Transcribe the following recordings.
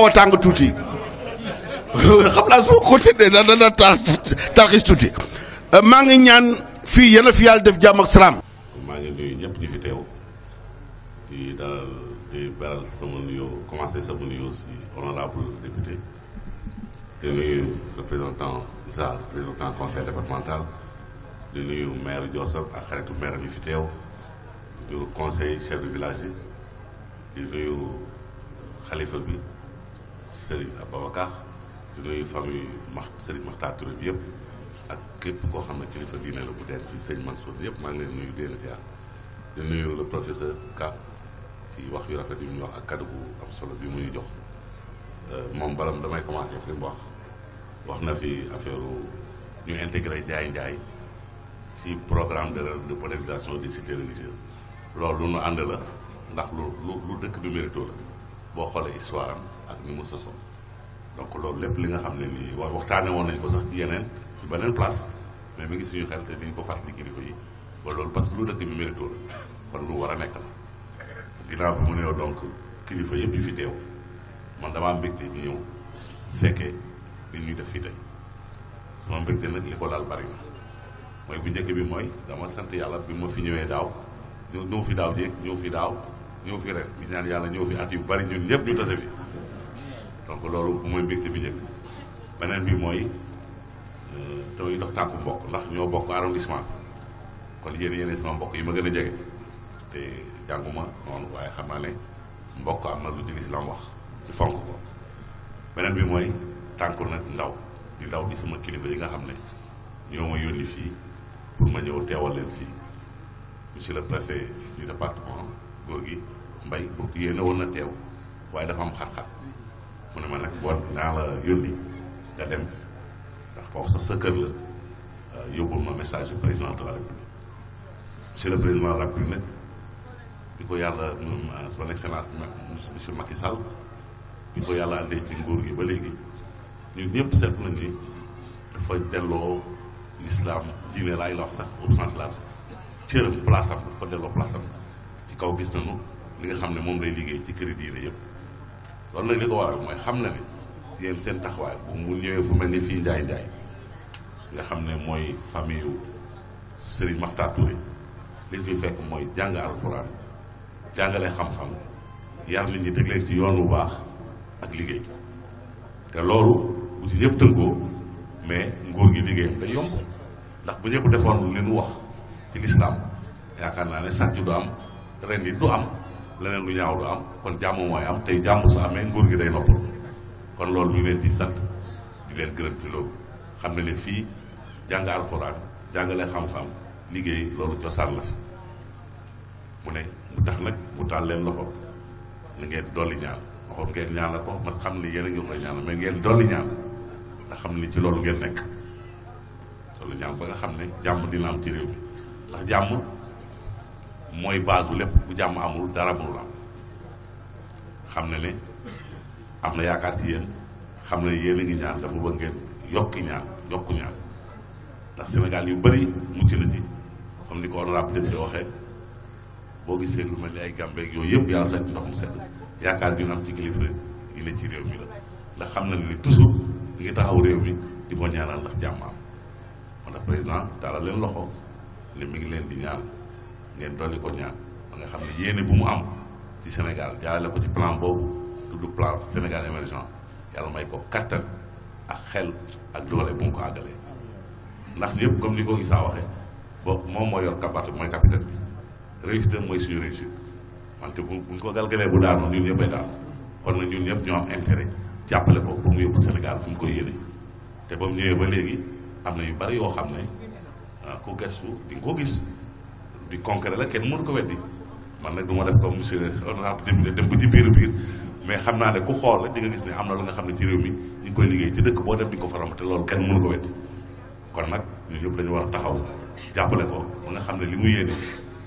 xaw a tàng tuuti xam naa su ma continué da dana tar tarxis tuuti euh, maa ngi ñaan fii yéen a fi yàlla def jàmm ak salaam. maa ngi nuyu ñëpp ñu fi teew di daal di beral sama nuyoo commencé sama nuyoo si honorable député di nuyu représentant Issa représentant conseil départemental di nuyu maire Diosone ak xaritu maire bi fi teew di conseil chef de village yi di nuyu xalifa bi. Serigne Ababacar di nuyu famille Max Serigne Maxtaar Touré bi yëpp ak képp koo xam ne kilifa diine la bu teen fii Serigne Mansour bi yëpp maa ngi leen nuyu deen si di nuyu le professeur Ka ci wax yu rafet yu ñu wax ak kaddu gu am solo bi muy jox euh, moom balam damay commencé fi mu wax wax na fi affaire ñu intégré Ndiaye Ndiaye ci programme de de modernisation des cités religieuses loolu lu nu ànd la ndax lu lu lu dëkk bi mérito la boo xoolee histoire am ak mi mu sosoo donc loolu lépp li nga xam ne nii wa waxtaane woon nañ ko sax ci yeneen beneen place mais mi ngi suñu xel te dañ ko fàttali kilifa yi ba loolu parce que lu dëkk bi mérito la kon lu war a nekk la ginnaaw bi mu ne donc kilifa yëpp yi fi teew man damaa mbégte ñu ñëw fekkee li ñuy def fii tey sama mbégte nag li ko laal bari na mooy bu njëkk bi mooy dama sant yàlla bi ma fi ñëwee daaw ñëw ñëw fi daaw jéeg ñëw fi daaw ñëw fi bi ñaan yàlla ñëw fi at yu bari ñun ñëpp ñu tase fi donc loolu mooy mbégte bi njëkk beneen bi mooy damay euh, dox tànku mbokk ndax ñoo bokk arrondissement kon yéen yéen sama mbokk yi ma gën a jege te jànguma noonu waaye xam ne mbokk am na lu ci lislaam wax ci fonk ko beneen bi mooy tànku nag ndaw di ndaw di sama kilifa yi nga xam ne yow ma yónni fii pour ma ñëw teewal leen fii monsieur le préfet du département góor gi Mbaye bu yéene woon na teew waaye dafa am xat-xat mu ne ma nag boo naa la yónni nga dem ndax foofu sax sa kër la euh, yóbbul ma message président de la président de la république bi ko yàlla son excellence monsieur Macky Sall bi ko yàlla andee ci nguur gi ba léegi ñun ñëpp seet nañ ni dafa delloo l'islam diine laay la wax sax au sens large cëram place am dafa delloo place ci kaw gis nañu li nga xam ne moom lay liggéey ci kër diine yëpp loolu nag li ko waral mooy xam na ne yéen seen taxawaay bu mu ñëwee fu mel ni fii Njaay Njaay nga xam ne mooy famille yu Serigne Makhtar Touré li ñu fi fekk mooy jàng alxuraan jàngale xam-xam yar nit ñi teg leen ci yoon bu baax ak liggéey te loolu bu ci ñëpp tënkoo mais nguur gi liggéeyam day yomb ndax bu ñëpp defoon li nu wax ci lislaam yaakaar naa ne sàcc du am ren yi du am. leneen lu ñaaw du am kon jàmm mooy am tey jàmm su amee nguur gi day noppal kon loolu ñu leen di sant di leen gërëm ci loolu xam ne ne fii jàng alxuraan jàngale xam-xam liggéey loolu cosaan la mu ne mu tax nag mu taal leen loxo ni ngeen dolli ñaan waxoon ngeen ñaan la ko xam ne yéen a ngi koy ñaan mais ngeen dolli ñaan ndax xam ne ci loolu ngeen nekk loolu ñaan ba nga xam ne jàmm dina am ci réew mi ndax jàmm. mooy base bu lépp bu jàmm amul dara mënul am xam na ne am na yaakaar ci yéen xam na yéen a ngi ñaan dafa bëgg ngeen yokki ñaan yokku ñaan ndax Sénégal yu bari mucc na ci comme ni ko honorable député waxee boo gisee lu mel ni ay gàmbeeg yooyu yëpp yàlla sax ndox mu sedd yaakaar bi ñu am ci kilifa yi ne ci réew mi la ndax xam na ne toujours li ngi taxaw réew mi di ko ñaanal ndax jàmm am moo tax président dara leen loxo ne mi ngi leen di ñaan ngeen dolli ko ñaan ba xam ne yéene bu mu am ci Sénégal jaarale ko ci plan boobu tudd plan Sénégal émergent yàlla may ko kattan ak xel ak doole bu mu ko àggalee ndax yëpp comme ni ko Issa waxee boobu moom mooy yor kabaatu mooy capitaine bi réussite mooy suñu réussite wante bu buñ ko galgalee bu daanoo ñun ñëppay daanu kon nag ñun ñëpp ñoo am intérêt jàppale ko pour mu yóbbu Sénégal fu mu koy yéene te ba mu ñëwee ba léegi am na yu bari yoo xam ne ah, ku gëstu di nga ko di concret la kenn mënu ko weddi man nag du ma def ko monsieur honorable député dem ba ci biir biir mais xam naa ne ku xool la di nga gis ne am na lu nga xam ne ci réew mi ñu koy liggéey ci dëkk boo dem di ko faram te loolu kenn mënu ko weddi kon nag ñun ñëpp dañu war a taxaw jàppale ko ba nga xam ne li mu yéene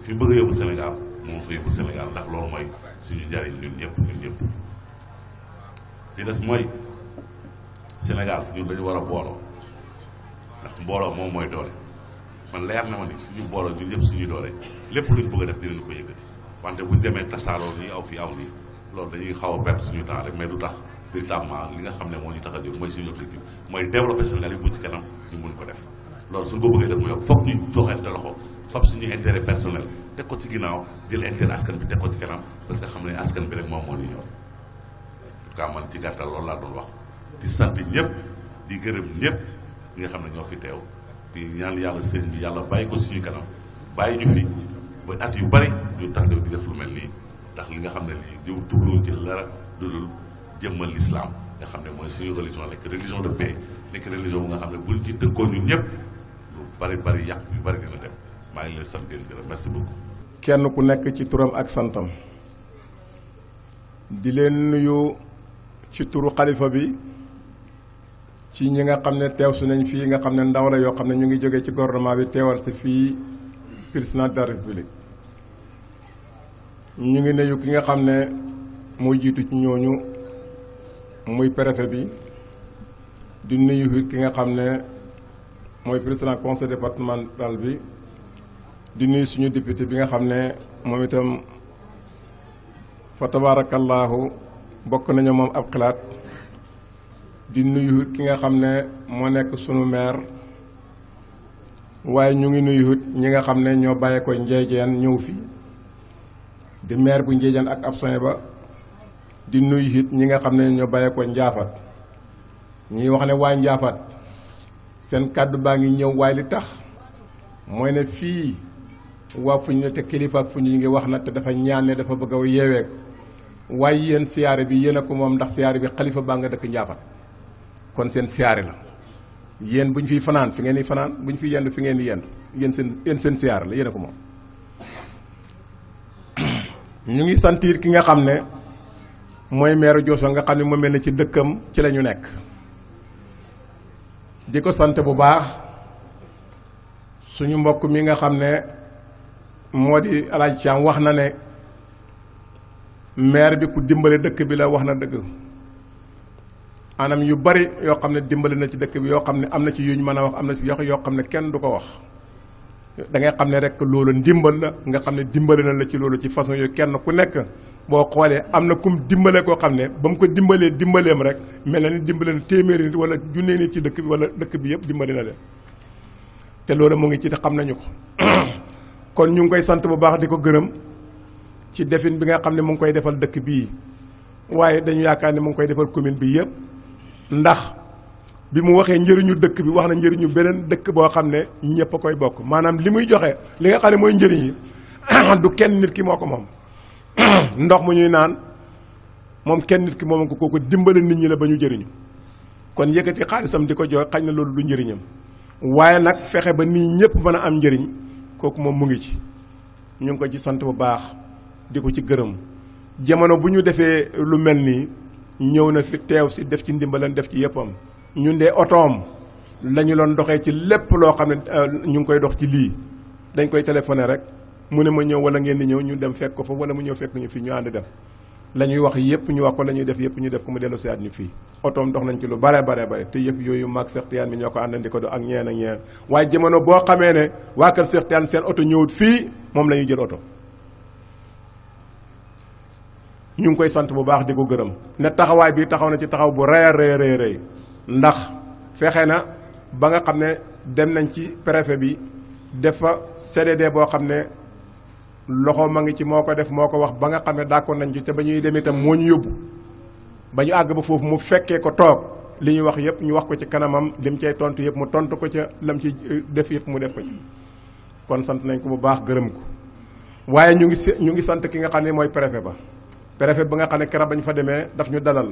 fi mu bëgg a yóbbu Sénégal moom fa yóbbu Sénégal ndax loolu mooy suñu njariñ ñun ñëpp ñun ñëpp li mooy Sénégal ñun dañu war a booloo ndax mbooloo moom mooy doole man leer na ma ni suñu booloo ñun ñëpp suñu doole lépp luñ bëgg a def dinañ ko yëkkati wante buñ demee tasaaroo nii aw fii aw nii loolu dañuy xaw a perte suñu temps rek mais du tax véritablement li nga xam ne moo ñu tax a jóg mooy mooy développé Sénégal ko def loolu suñu ko bëggee def mu yokk foog ñu ko ci ginnaaw jël intérêt askan ko ci kanam parce que xam ne askan bi rek moom moo ñu ñor en tout cas man ci gàttal loolu laa doon wax di sant ñëpp di gërëm ñëpp ñi nga xam ne ñoo fi teew di ñaan yàlla sëñ bi yàlla bàyyi ko suñu kanam bàyyi ñu fi ba at yu bari ñu taxaw di def lu mel nii ndax li nga xam ne nii jiw tubluwuñ la dara du dul jëmmal lislaam nga xam ne mooy suñu religion nekk religion de paix nekk religion bu nga xam ne buñ ci dëkkoon ñun ñëpp lu bari bari yàq yu bari dina dem maa ngi leen sant di leen gërëm merci beaucoup. kenn ku nekk ci turam ak santam di leen nuyu ci turu xalifa bi. ci ñi nga xam ne teew su nañ fii nga xam ne ndaw la yoo xam ne ñu ngi jógee ci gouvernement bi teewal si fii président de la république ñu ngi nuyu ki nga xam ne muy jiitu ci ñooñu muy préfet bi di nuyu ki nga xam ne mooy président conseil départemental bi di nuyu suñu député bi nga xam ne moom itam fa tabaarakallaahu bokk nañu moom ab xalaat di nuyu ki nga xam ne moo nekk sunu maire waaye ñu ngi nuyu ñi nga xam ne ñoo bàyyee ko njeejeen ñëw fi di maire bu njeejeen ak absent ba di nuyu it ñi nga xam ne ñoo bàyyee ko njaafat ñuy wax ne waa njaafat seen kàddu baa ngi ñëw waaye li tax mooy ne fii waa fu ñu ne te kilifa ak fu ñu ngi wax na te dafa ñaan ne dafa bëgg a yeewee ko waaye yéen siyaare bi yéen a ko moom ndax siyaare bi xalifa baa nga dëkk njaafat kon seen siyaare la yéen bu ñu fiy fanaan fi ngeen di fanaan bu ñu fiy yendu fi ngeen di yendu yéen seen yéen seen siyaare la yéen ko moom ñu ngi santiir ki nga xam ne mooy meeru Jooso nga xam ne moo mel ne ci dëkkam ci lañu nekk di ko sant bu baax suñu mbokk mi nga xam ne moo di alaaj Caam wax na ne maire bi ku dimbale dëkk bi la wax na dëgg anam yu bari yoo xam ne dimbali na ci dëkk bi yoo xam ne am na ci yuñ mën a wax am na si yox yoo xam ne kenn du ko wax da ngay xam ne rek loolu ndimbal la nga xam ne dimbali na la ci loolu ci façon yooyu kenn ku nekk boo xoolee am na kum dimbale koo xam ne ba mu ko dimbalee dimbaleem rek mel na ni dimbale na téeméeri nit wala junnee nit ci dëkk bi wala dëkk bi yëpp dimbali na leen te loolu mu ngi ci te xam nañu kon ñu ngi koy sant bu baax di ko gërëm ci defin bi nga xam ne mu ngi koy defal dëkk bii waaye dañu yaakaar ne ngi koy defal commune bi yëpp ndax bi mu waxee njëriñu dëkk bi wax na njariñu beneen dëkk boo xam ne ñëpp a koy bokk maanaam li muy joxe li nga xam ne mooy njëriñ yi du kenn nit ki moo ko moom ndox mu ñuy naan moom kenn nit ki moom ko kooku dimbale nit ñi la ba ñu jëriñu kon yëkkati xaalisam di ko joxe xañ na loolu du njëriñam waaye nag fexe ba nii ñëpp mën a am njëriñ kooku moom mu ngi ci ñu ngi ko ci sant bu baax di ko ci gërëm jamono bu ñu defee lu mel nii ñëw na fi teew si def ci ndimbalan def ci yëppam ñun de otoom la ñu doon doxee ci lépp loo xam ne euh, ñu ngi koy dox ci lii dañ koy téléphoné rek mu ne ma ñëw wala ngeen di ñëw ñu dem fekk ko fa wala mu ñëw fekk ñu fii ñu ànd dem la ñuy wax yëpp ñu wax ko la ñuy def yëpp ñu def ko mu dellu si at ñu fii otoom dox nañ ci lu bare bare bare te yëpp yooyu maag Cheikh Tidiane mi ñoo ko àndandi ko do ak ñeen ak ñeen waaye jamono boo xamee ne waa kër Cheikh seen oto ñëwut fii moom la ñuy jël oto ñu ngi koy sant bu baax di ko gërëm ne taxawaay bii taxaw na ci taxaw bu rëy a rëy rëy ndax fexe na ba nga xam ne dem nañ ci préfet bi def fa CDD boo xam ne loxo ma ngi ci moo ko def moo ko wax ba nga xam ne d'accord nañ ci te ba ñuy demee itam moo ñu yóbbu ba ñu àgg ba foofu mu fekkee ko toog li ñuy wax yëpp ñu wax ko ci kanamam lim cay tontu yëpp mu tontu ko ca lam ci euh, def yëpp mu def ko ci kon sant nañ ko bu baax gërëm ko waaye ñu ngi ñu ngi sant ki nga xam ne mooy préfet ba. préfet ba nga xam ne keroog bañ fa demee daf ñu dalal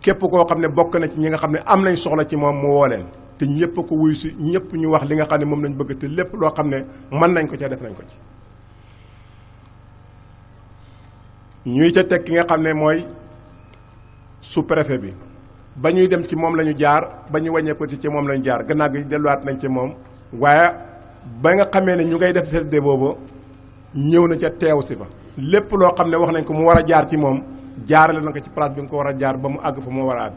képp koo xam ne bokk na ci ñi nga xam ne am nañ soxla ci moom mu woo leen te ñëpp ko wuyu si ñëpp ñu wax li nga xam ne moom lañu bëgg te lépp loo xam ne mën nañ ko ca def nañ ko ci. ñuy ca teg ki nga xam ne mooy sous-préfet bi ba ñuy dem ci moom la ñu jaar ba ñu ko ci ci moom la jaar gannaaw gi delluwaat nañ ci moom waaye ba nga xamee ne ñu ngay def sedd boobu ñëw na ca teew si fa. lépp loo xam ne wax nañ ko mu war a jaar ci moom jaarale na ko ci place bi nga ko war a jaar ba mu àgg fa mu war a àgg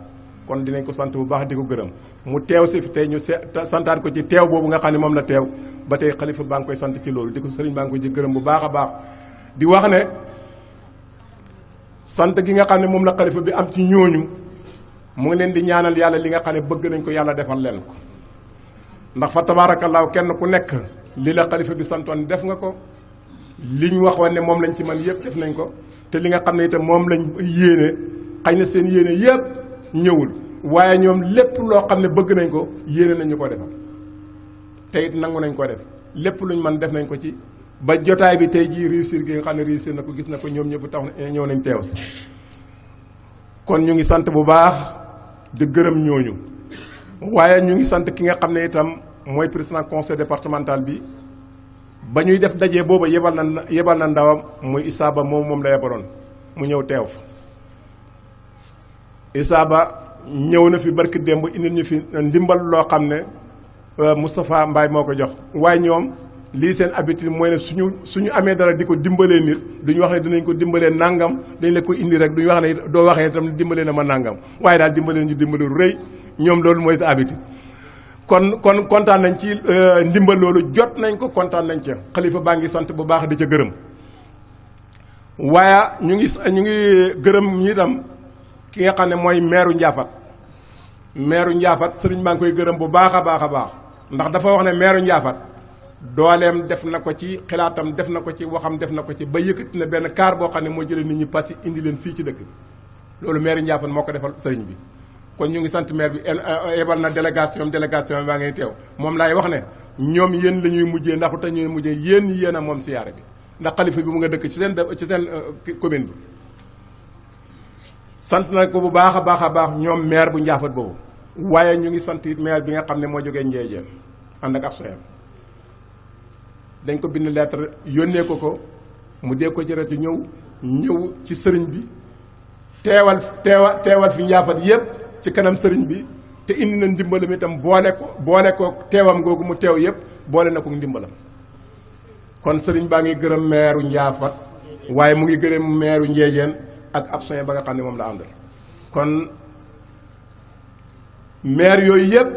kon dinañ ko sant bu baax di ko gërëm mu teew si fi tey ñu santaat ko ci teew boobu nga xam ne moom la teew ba tey xalifa baa ngi koy sant ci loolu di ko sëriñ baa ngi koy ji gërëm bu baax a baax di wax ne sant gi nga xam ne moom la xalifa bi am ci ñooñu mu ngi leen di ñaanal yàlla li nga xam ne bëgg nañ ko yàlla defal leen ko ndax fa kenn ku nekk li la bi santoon def nga ko li ñu waxoon ne moom lañ ci man yëpp def nañ ko te li nga xam ne itam moom lañ yéene xañ na seen yéene yëpp ñëwul waaye ñoom lépp loo xam ne bëgg nañ ko yéene nañu ko defal te it nangu nañ ko def lépp luñ man def nañ ko ci ba jotaay bi tey jii réussir gi nga xam ne réussir na ko gis na ko ñoom ñëpp tax eh, ñëw nañ teew si kon ñu ngi sant bu baax di gërëm ñooñu waaye ñu ngi sant ki nga xam ne itam mooy président conseil départemental bi ba ñuy def ndaje booba yebal na yebal na ndawam muy isaaba moom moom la yebaloon mu ñëw teew fa isaaba ñëw na fi barki démb indi ñu fi ndimbal loo xam ne euh, Moustapha Mbaye moo ko jox waaye ñoom lii seen habitude mooy ne suñu suñu amee dara di ko dimbalee nit duñu wax ne dinañ ko dimbalee nàngam dañ la ko indi rek duñu wax ne doo waxee itam dimbalee na ma nàngam waaye daal dimbalee ñu dimbalee lu rëy ñoom loolu mooy sa habitude kon kon kontaan nañ ci euh, ndimbal loolu jot nañ ko kontaan nañ ci xalifa baa ngi sant bu baax di ca gërëm waaye ñu ngi ñu ngi gërëm ñi itam ki nga xam ne mooy meeru Ndiafat meeru Ndiafat sëriñ baa ngi koy gërëm bu baax a baax a baax ndax dafa wax ne meeru Ndiafat dooleem def na ko ci xalaatam def na ko ci waxam def na ko ci ba yëkkati ne benn kaar boo xam ne moo jëlee nit ñi parce que indi leen fii ci dëkk loolu meeru Ndiafat moo ko defal sëriñ bi. kon ñu ngi sant maire bi en euh, ebal na délégation délégation baa ngeen teew moom laay wax ne ñoom yéen la ñuy mujjee ndax lu tax ñuy mujjee yéen yéen a moom siyaare bi ndax xalifa bi mu nga dëkk ci seen ci seen euh, commune bi. sant na ko bu baax a baax a baax ñoom maire bu njaafat boobu waaye ñu ngi sant it maire bi nga xam ne moo jógee Ndiédiène ànd ak ab soyam dañ ko bind lettre yónnee ko ko mu dee ko jërëjëf ñëw ñëw ci sëriñ bi teewal teewal teewal fi njaafat ci kanam sëriñ bi te indi na ndimbalam itam boole ko boole ko teewam googu mu teew yëpp boole na ko ndimbalam kon sëriñ baa ngi gërëm meeru Njaafat waaye mu ngi gërëm meeru Njeejeen ak absent ba nga xam ne moom la àndal kon maire yooyu yëpp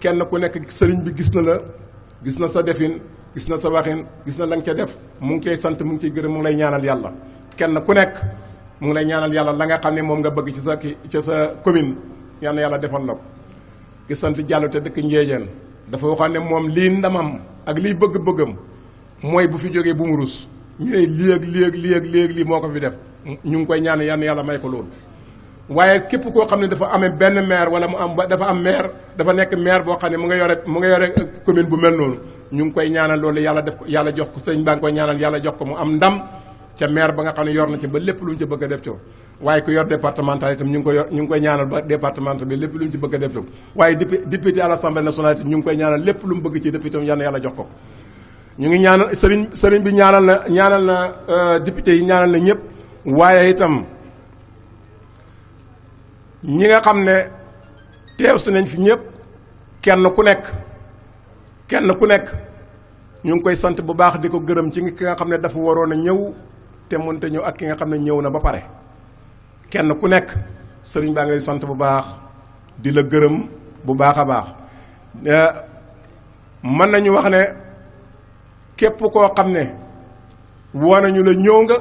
kenn ku nekk sëriñ bi gis na la gis na sa defin gis na sa waxin gis na la nga ca def mu ngi cay sant mu ngi ciy gërëm mu ngi lay ñaanal yàlla kenn ku nekk mu ngi lay ñaanal yàlla la nga xam ne moom nga bëgg ci sa ki ci sa commune yal yàlla defal la ko ki sant jàllu te dëkk njeejeen dafa waxoon ne moom lii ndamam ak lii bëgg-bëggam mooy bu fi jógee bu mu rus ñu ne lii ak moo ko fi def ñu ngi koy ñaan yal yàlla may ko loolu waaye képp koo xam ne dafa amee benn maire wala mu am dafa am maire dafa nekk maire boo xam ne mu nga yore mu nga yore commune bu mel noonu ñu ngi koy ñaanal loolu yàlla def ko yàlla jox ko sëñ baa ngi koy ñaanal yàlla jox ko mu am ndam ca maire ba nga xam ne yor na ci ba lépp lu mu ci bëgg a def ci waaye ku yor départemental itam ñu ngi koy ñu ngi koy ñaanal ba départemental bi lépp lu mu ci bëgg a def ci waaye député à l'Assemblée nationale ñu ngi koy ñaanal lépp lu mu bëgg ci député itam yàlla jox ko ñu ngi ñaanal sëriñ sëriñ bi ñaanal na ñaanal na euh, député yi ñaanal na ñëpp waaye itam ñi nga xam ne teew si nañ fi ñëpp kenn ku nekk kenn ku nekk ñu ngi koy sant bu baax di ko gërëm ci ki nga xam ne dafa waroon a ñëw te mënta ñëw ak ki nga xam ne ñëw na ba pare kenn ku nekk sëriñ baa ngi sant bu baax di la gërëm bu baax a baax eh, mën nañu wax ne képp koo xam ne woo ñu la ñëw nga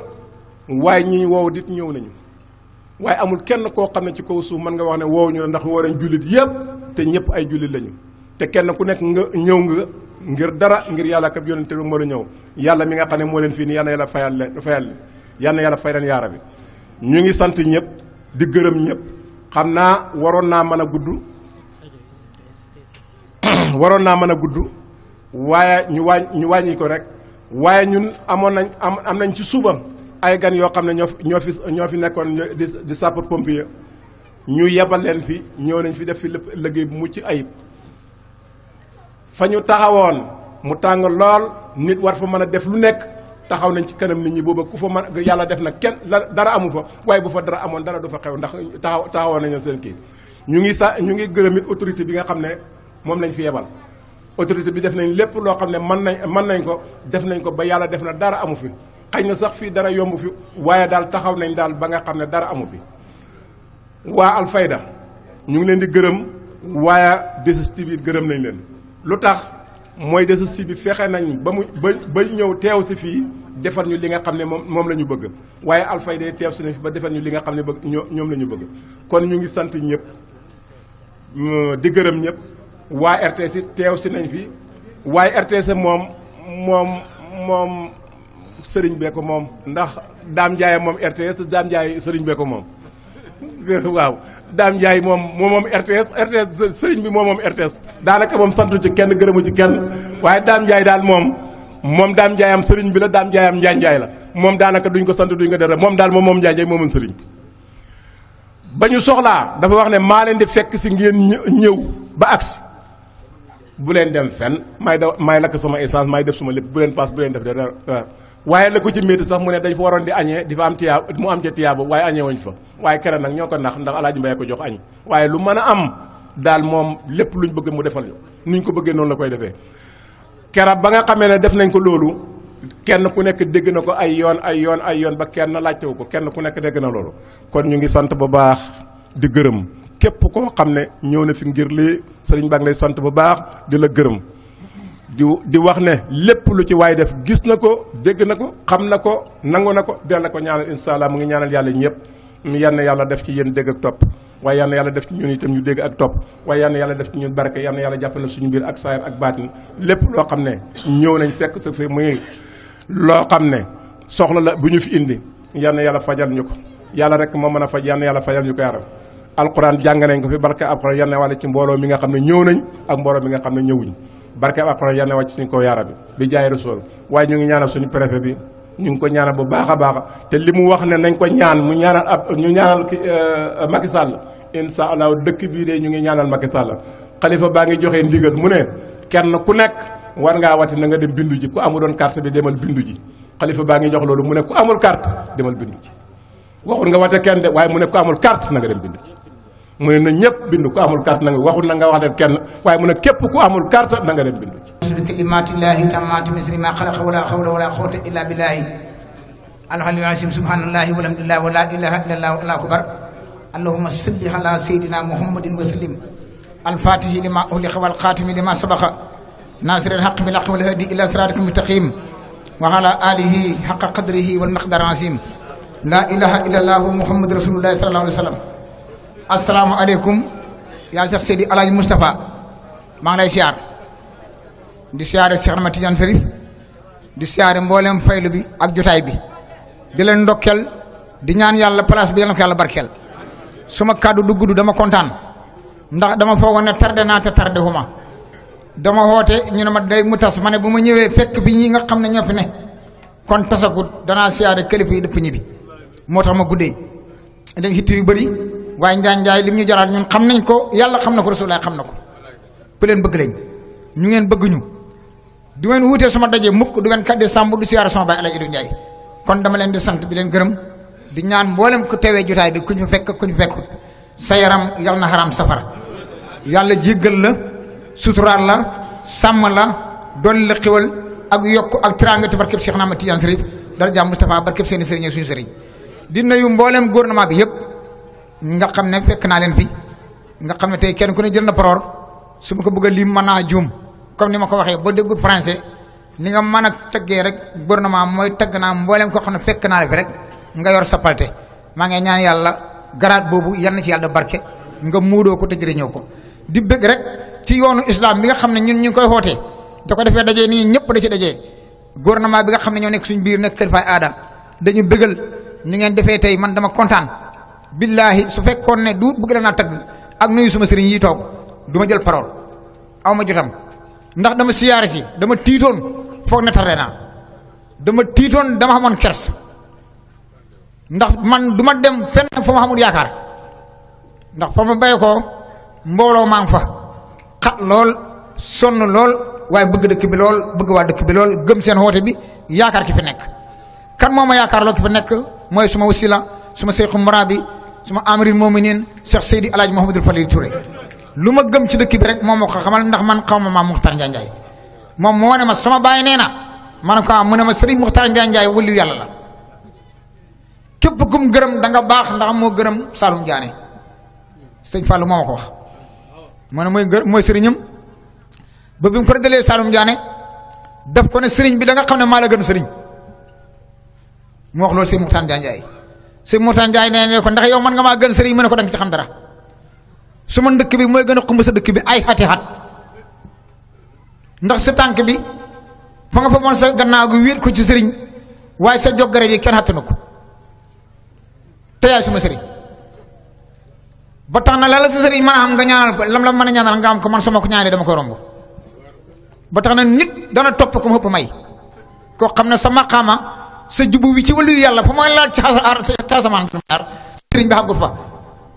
waaye ñi woow dit ñëw nañu waaye amul kenn koo xam ne ci kaw suuf mën nga wax ne woow ñu la ndax woo nañ jullit yépp te ñëpp ay jullit lañu te kenn ku nekk nga ñëw nga ngir dara ngir yàlla ak yonent te moo la ñëw yàlla mi nga xam ne moo leen fii nii yal na yàlla fayal leen fayal leen yal yàlla fay yaara bi ñu ngi sant ñëpp di gërëm ñëpp xam naa waroon naa mën a gudd waroon naa mën a gudd waaye ñu wàññi ñu wàññi ko rek waaye ñun amoon nañ am am nañ ci suba ay gan yoo xam ne ñoo fi ñoo fi ñoo fi nekkoon di di sapeur pompier ñu yebal leen fi ñëw nañ fi def fi lépp liggéey bu mucc ayib. fa ñu taxawoon mu tàng lool nit war fa mën a def lu nekk taxaw nañ ci kanam nit ñi booba ku fa mën yàlla def na kenn dara amu fa waaye bu fa dara amoon dara du fa xew ndax taxaw taxawoon nañu seen kii ñu ngi sa ñu ngi gërëm it autorité bi nga xam ne moom lañ fi yebal autorité bi def nañ lépp loo xam ne mën nañ mën nañ ko def nañ ko ba yàlla def na dara amu fi xëy na sax fii dara yomb fi waaye daal taxaw nañ daal ba nga xam ne dara amu fi waa Alfayda ñu ngi leen di gërëm waaye 2 bi gërëm nañ leen lu tax mooy de si bi fexe nañ ba mu ba ba ñëw teew si fii defar ñu li nga xam ne moom moom la ñu bëgg waaye Alfayda teew si nañ fi ba defar ñu li nga xam ne bëgg ñoom lañu ñu bëgg kon ñu ngi sant ñëpp euh, di gërëm ñëpp waa RTS teew si nañ fi waaye RTS moom moom moom sëriñ bee ko moom ndax daam Ndiaye moom RTS daam Ndiaye sëriñ bee ko moom. waaw Dame Ndiaye moom moo moom RTS RTS sëriñ bi moom moom RTS daanaka moom santu ci kenn gërëmu ci kenn waaye Dame Ndiaye daal moom moom Dame Ndiaye sëriñ bi la Dame Ndiaye am Ndiaye la moom daanaka duñ ko sant duñ ko dara moom daal moom moom Ndiaye Ndiaye moomoon sëriñ bi ba ñu soxlaa dafa wax ne maa leen di fekk si ngeen ñëw ba agsi bu leen dem fenn maay daw maay lakk sama essence maay def suma lépp bu leen paas bu leen def dara waaye la ko ci métti sax mu ne dañ fa waroon di añee di fa am tiyaa mu am ca tiyaa boobu waaye añee wuñ fa waaye kere nag ñoo ko nax ndax alaaji mbay ko jox añ waaye lu mën a am daal moom lépp lu luñ bëgg mu defal ñu nuñ ko bëggee noonu la koy defee kera ba nga xamee ne def nañ ko loolu kenn ku nekk dégg na ko ay yoon ay yoon ay yoon ba kenn laajtewu ko kenn ku nekk dégg na loolu kon ñu ngi sant bu baax di gërëm képp koo xam ne ñëw na fi ngir lii sëriñ baa ngi lay bu baax di la gërëm di di wax ne lépp lu ci waaye def gis na ko dégg na ko xam na ko nangu na ko dell ko ñaanal incha allah mu ngi ñaanal yàlla ñëpp mm, yann yàlla def ci yéen dégg ak topp waaye yann yàlla def ci ñun itam ñu ak topp waaye yann yàlla def ci ñun barke yann yàlla jàppale suñu biir ak saayir ak baatin lépp loo xam ne ñëw nañ fekk sa fi muy loo xam ne soxla la bu ñu fi indi yann yàlla fajal ñu ko yàlla rek moo mën a faj yann yàlla fajal ñu ko yaram alquran jàng nañ ko fi barke alquran yann wàlla ci mbooloo mi nga xam ne ñëw nañ ak mbooloo mi nga xam ne ñëwuñ barkeb alxuraan yal na wàcc suñ koo yaara bi bi jaay rasul waaye ñu ngi ñaanal suñu préfet bi ñu ngi ko ñaanal bu baax a baax te li mu wax ne nañ ko ñaan mu ñaanal ab ñu ñaanal ki euh, euh, Macky Sall incha allah dëkk bii de ñu ngi ñaanal Macky Sall xalifa baa ngi joxee ndigal mu ne kenn ku nekk war ngaa wati na nga dem bindu ji ku amu doon carte bi demal bindu ji xalifa baa ngi jox loolu mu ne ku amul carte demal bindu ji waxul nga wate kenn de waaye mu ne ku amul carte na nga dem bindu ji mu ne na ñëpp bindu ku amul carte na nga waxul na nga wax leen kenn waaye mu ne képp ku amul carte na nga dem bindu ci bi kalimatillahi tammaati misri ma xalaqa wala xawla wala xawta illa billahi alhalil asim subhanallahi walhamdulillahi wala ilaha illallah allahu akbar allahumma salli ala sayidina muhammadin wa sallim alfatihi lima uliqa wal xaatimi lima sabaqa nasiril haq bil haq wal hadi ila siratikal mustaqim wa ala alihi haqa qadrihi wal miqdar asim la ilaha illallah muhammad rasulullah sallallahu alayhi wa sallam asalaamualeykum yaa Cheikh Seydi El Hadj Moustapha maa ngi lay siyaar di siyaare Cheikh Ahmed Tidiane Serif di siyaare mboolem faylu bi ak jotaay bi di leen ndokkeel di ñaan yàlla place bi yàlla ko yàlla barkeel suma kàddu du gudd dama kontaan ndax dama foogoon ne tardé naa te tardé wu ma dama woote ñu ne ma day mu tas ma ne bu ma ñëwee fekk fi ñi nga xam ne ñoo fi ne kon tasakut danaa siyaare kilifa yi dëpp ñi bi moo tax ma guddee dañ xitt yu waaye Njaañ Njaay lim ñu jaral ñun xam nañ ko yàlla xam na ko Rasulullah xam na ko ku leen bëgg lañ ñu ngeen bëgguñu du ngeen wuutee sama daje mukk du ngeen kàddee sàmb du siyaare sama baay Njaay kon dama leen di sant di leen gërëm di ñaan mboolem ku tewee jotaay bi ku ñu fekk ku ñu fekk sa yaram yal na xaraam safara yàlla jéggal la suturaal la sàmm la doon la ak yokk ak tiraanga te barkeb Cheikh ma Tidiane Sërif dara jàmm Moustapha barkeb seeni sëriñ suñu sëriñ di nuyu mboolem gouvernement bi yëpp. nga xam ne fekk naa leen fi nga xam ne tey kenn ku ne jël na parole su ma ko bëgg a lim mën naa juum comme ni ma ko waxee boo déggul français ni nga man a tëggee rek gouvernement mooy tëgg naa mboolem koo xam ne fekk naa la rek nga yor sa palte maa ngi ñaan yàlla garaat boobu yal ci yàlla barke nga muudoo ko te jëriñoo ko. di bëgg rek ci yoonu islam bi nga xam ne ñun ñu ngi koy xootee da ko defee dajee nii ñëpp da ci dajee gouvernement bi nga xam ne ñoo nekk suñu biir nekk kër fay aada dañu bëggal ni ngeen defee tey man dama kontaan. billaahi su fekkoon ne du bëgg naa tagg ak nuyu suma sëriñ yi toog du jël parole aw ma jotam ndax dama siyaare si dama tiitoon foog ne tardé naa dama tiitoon dama xamoon kers ndax man du dem fenn fa ma xamul yaakaar ndax fa ma béy ko mbooloo maa ngi fa xat lool sonn lool waaye bëgg dëkk bi lool bëgg waa dëkk bi lool gëm seen woote bi yaakaar ki fi nekk kan moo yaakaar loo ki fi nekk mooy suma wasila suma seexu mara suma amiril muminin Cheikh Seydi El Hadj Mouhamadul Fadil Touré lu ma gëm ci dëkk bi rek moom moo ko xamal ndax man xaw ma maam Muxtar Njaay moom moo ne ma sama baay nee na ma ne ah, ne ma Serigne Muxtar Njaay wëllu yàlla la kum gërëm danga baax ndax moo gërëm Saloum Diané sëñ Fallou moo ma ko wax. ma ne mooy gër mooy sëriñam ba bi mu ko dalee Saloum Diané daf ko ne sëriñ bi danga nga xam ne maa la gën sëriñ mu wax loolu Serigne Muxtar Njaay si Moussa Ndiaye nee ne ko ndax yow man nga maa gën sëriñ mu ne ko danga ci xam dara su ma dëkk bi mooy gën a xumb sa dëkk bi ay xati xat ndax sa tànk bi fa nga fa moon sa gannaaw gi wéet ko ci sëriñ waaye sa joggare ji kenn xattanu ko te yaay suma sëriñ ba tax na la sa sëriñ mën a am nga ñaanal ko lam la mën a ñaanal nga am ko man suma ko ñaanee dama ko romb ba tax na nit dana topp ko ma ëpp may koo xam ne sa maqaama sa jubu wi ci wàllu yàlla fa ma laal ca asamaan sëriñ bi xagut fa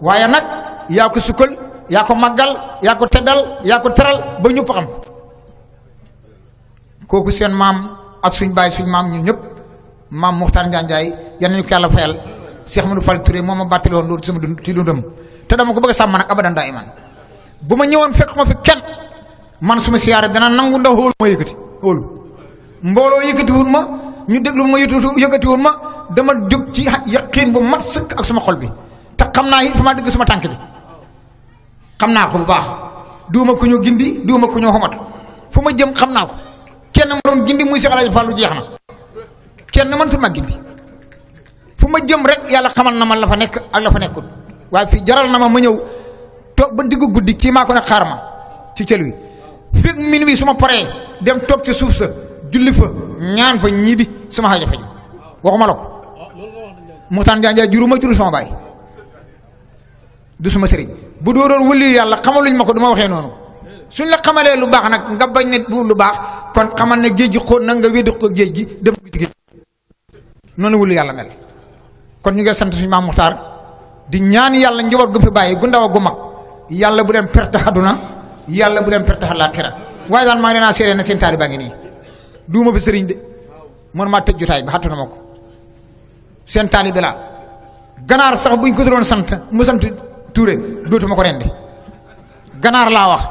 waaye nag yaa ko sukkal yaa ko màggal yaa ko teddal yaa ko teral ba ñëpp xam kooku seen maam ak suñ baay suñ maam ñun ñëpp maam Muxtaar Njaanjaay yal nañu ko yàlla fayal Cheikh Amadou Fall Touré moom ma bàttali woon loolu sama dund ci dundam te dama ko bëgg a sàmm nag abadan daa iman bu ma ñëwoon fekk ma fi kenn man suma siyaare dana nangu ndaw xóolu ma yëkkati xóolu mbooloo yëkkatiwul ma ñu déglu ma yëkkati woon ma dama jóg ci yaqiin bu mat sëkk ak sama xol bi te xam naa it fa ma dégg sama tànk bi xam naa ko bu baax duuma ko ñu gindi duuma ko ñu xomat fu ma jëm xam naa ko kenn ma doon gindi muy Seex Alaaji jeex na kenn mënatu ma gindi fu ma jëm rek yàlla xamal na ma la fa nekk ak la fa nekkul waaye fii jaral na ma ma ñëw toog ba diggu guddi kii maa ko ne xaar ma ci cël wi fekk min wi su ma paree dem toog ci suuf sa julli fa ñaan fa ñibi suma xaja faj waxuma la ko Moussa Ndiaye Ndiaye juru ma juru sama baay du suma sëriñ bu doo doon wëli yàlla xamaluñ ma ko du ma waxee noonu suñ la xamalee lu baax nag nga bañ ne du lu baax kon xamal na géej gi xóot nag nga weddi ko géej gi dem ci géej noonu wëli yàlla mel kon ñu ngi sant suñ ma Muxtaar di ñaan yàlla njaboot gu fi bàyyi gu ndaw a gu mag yàlla bu dem perte àdduna yàlla bu dem perte àllaaxira waaye daal maa ngi leen a seeree na seen taaliba ngi nii duuma fi sëriñ de man ma tëj jotaay bi xattu na ma ko seen taalibe laa ganaar sax buñ ko doon sant mu sant Touré dootuma ko rendi ganaar laa wax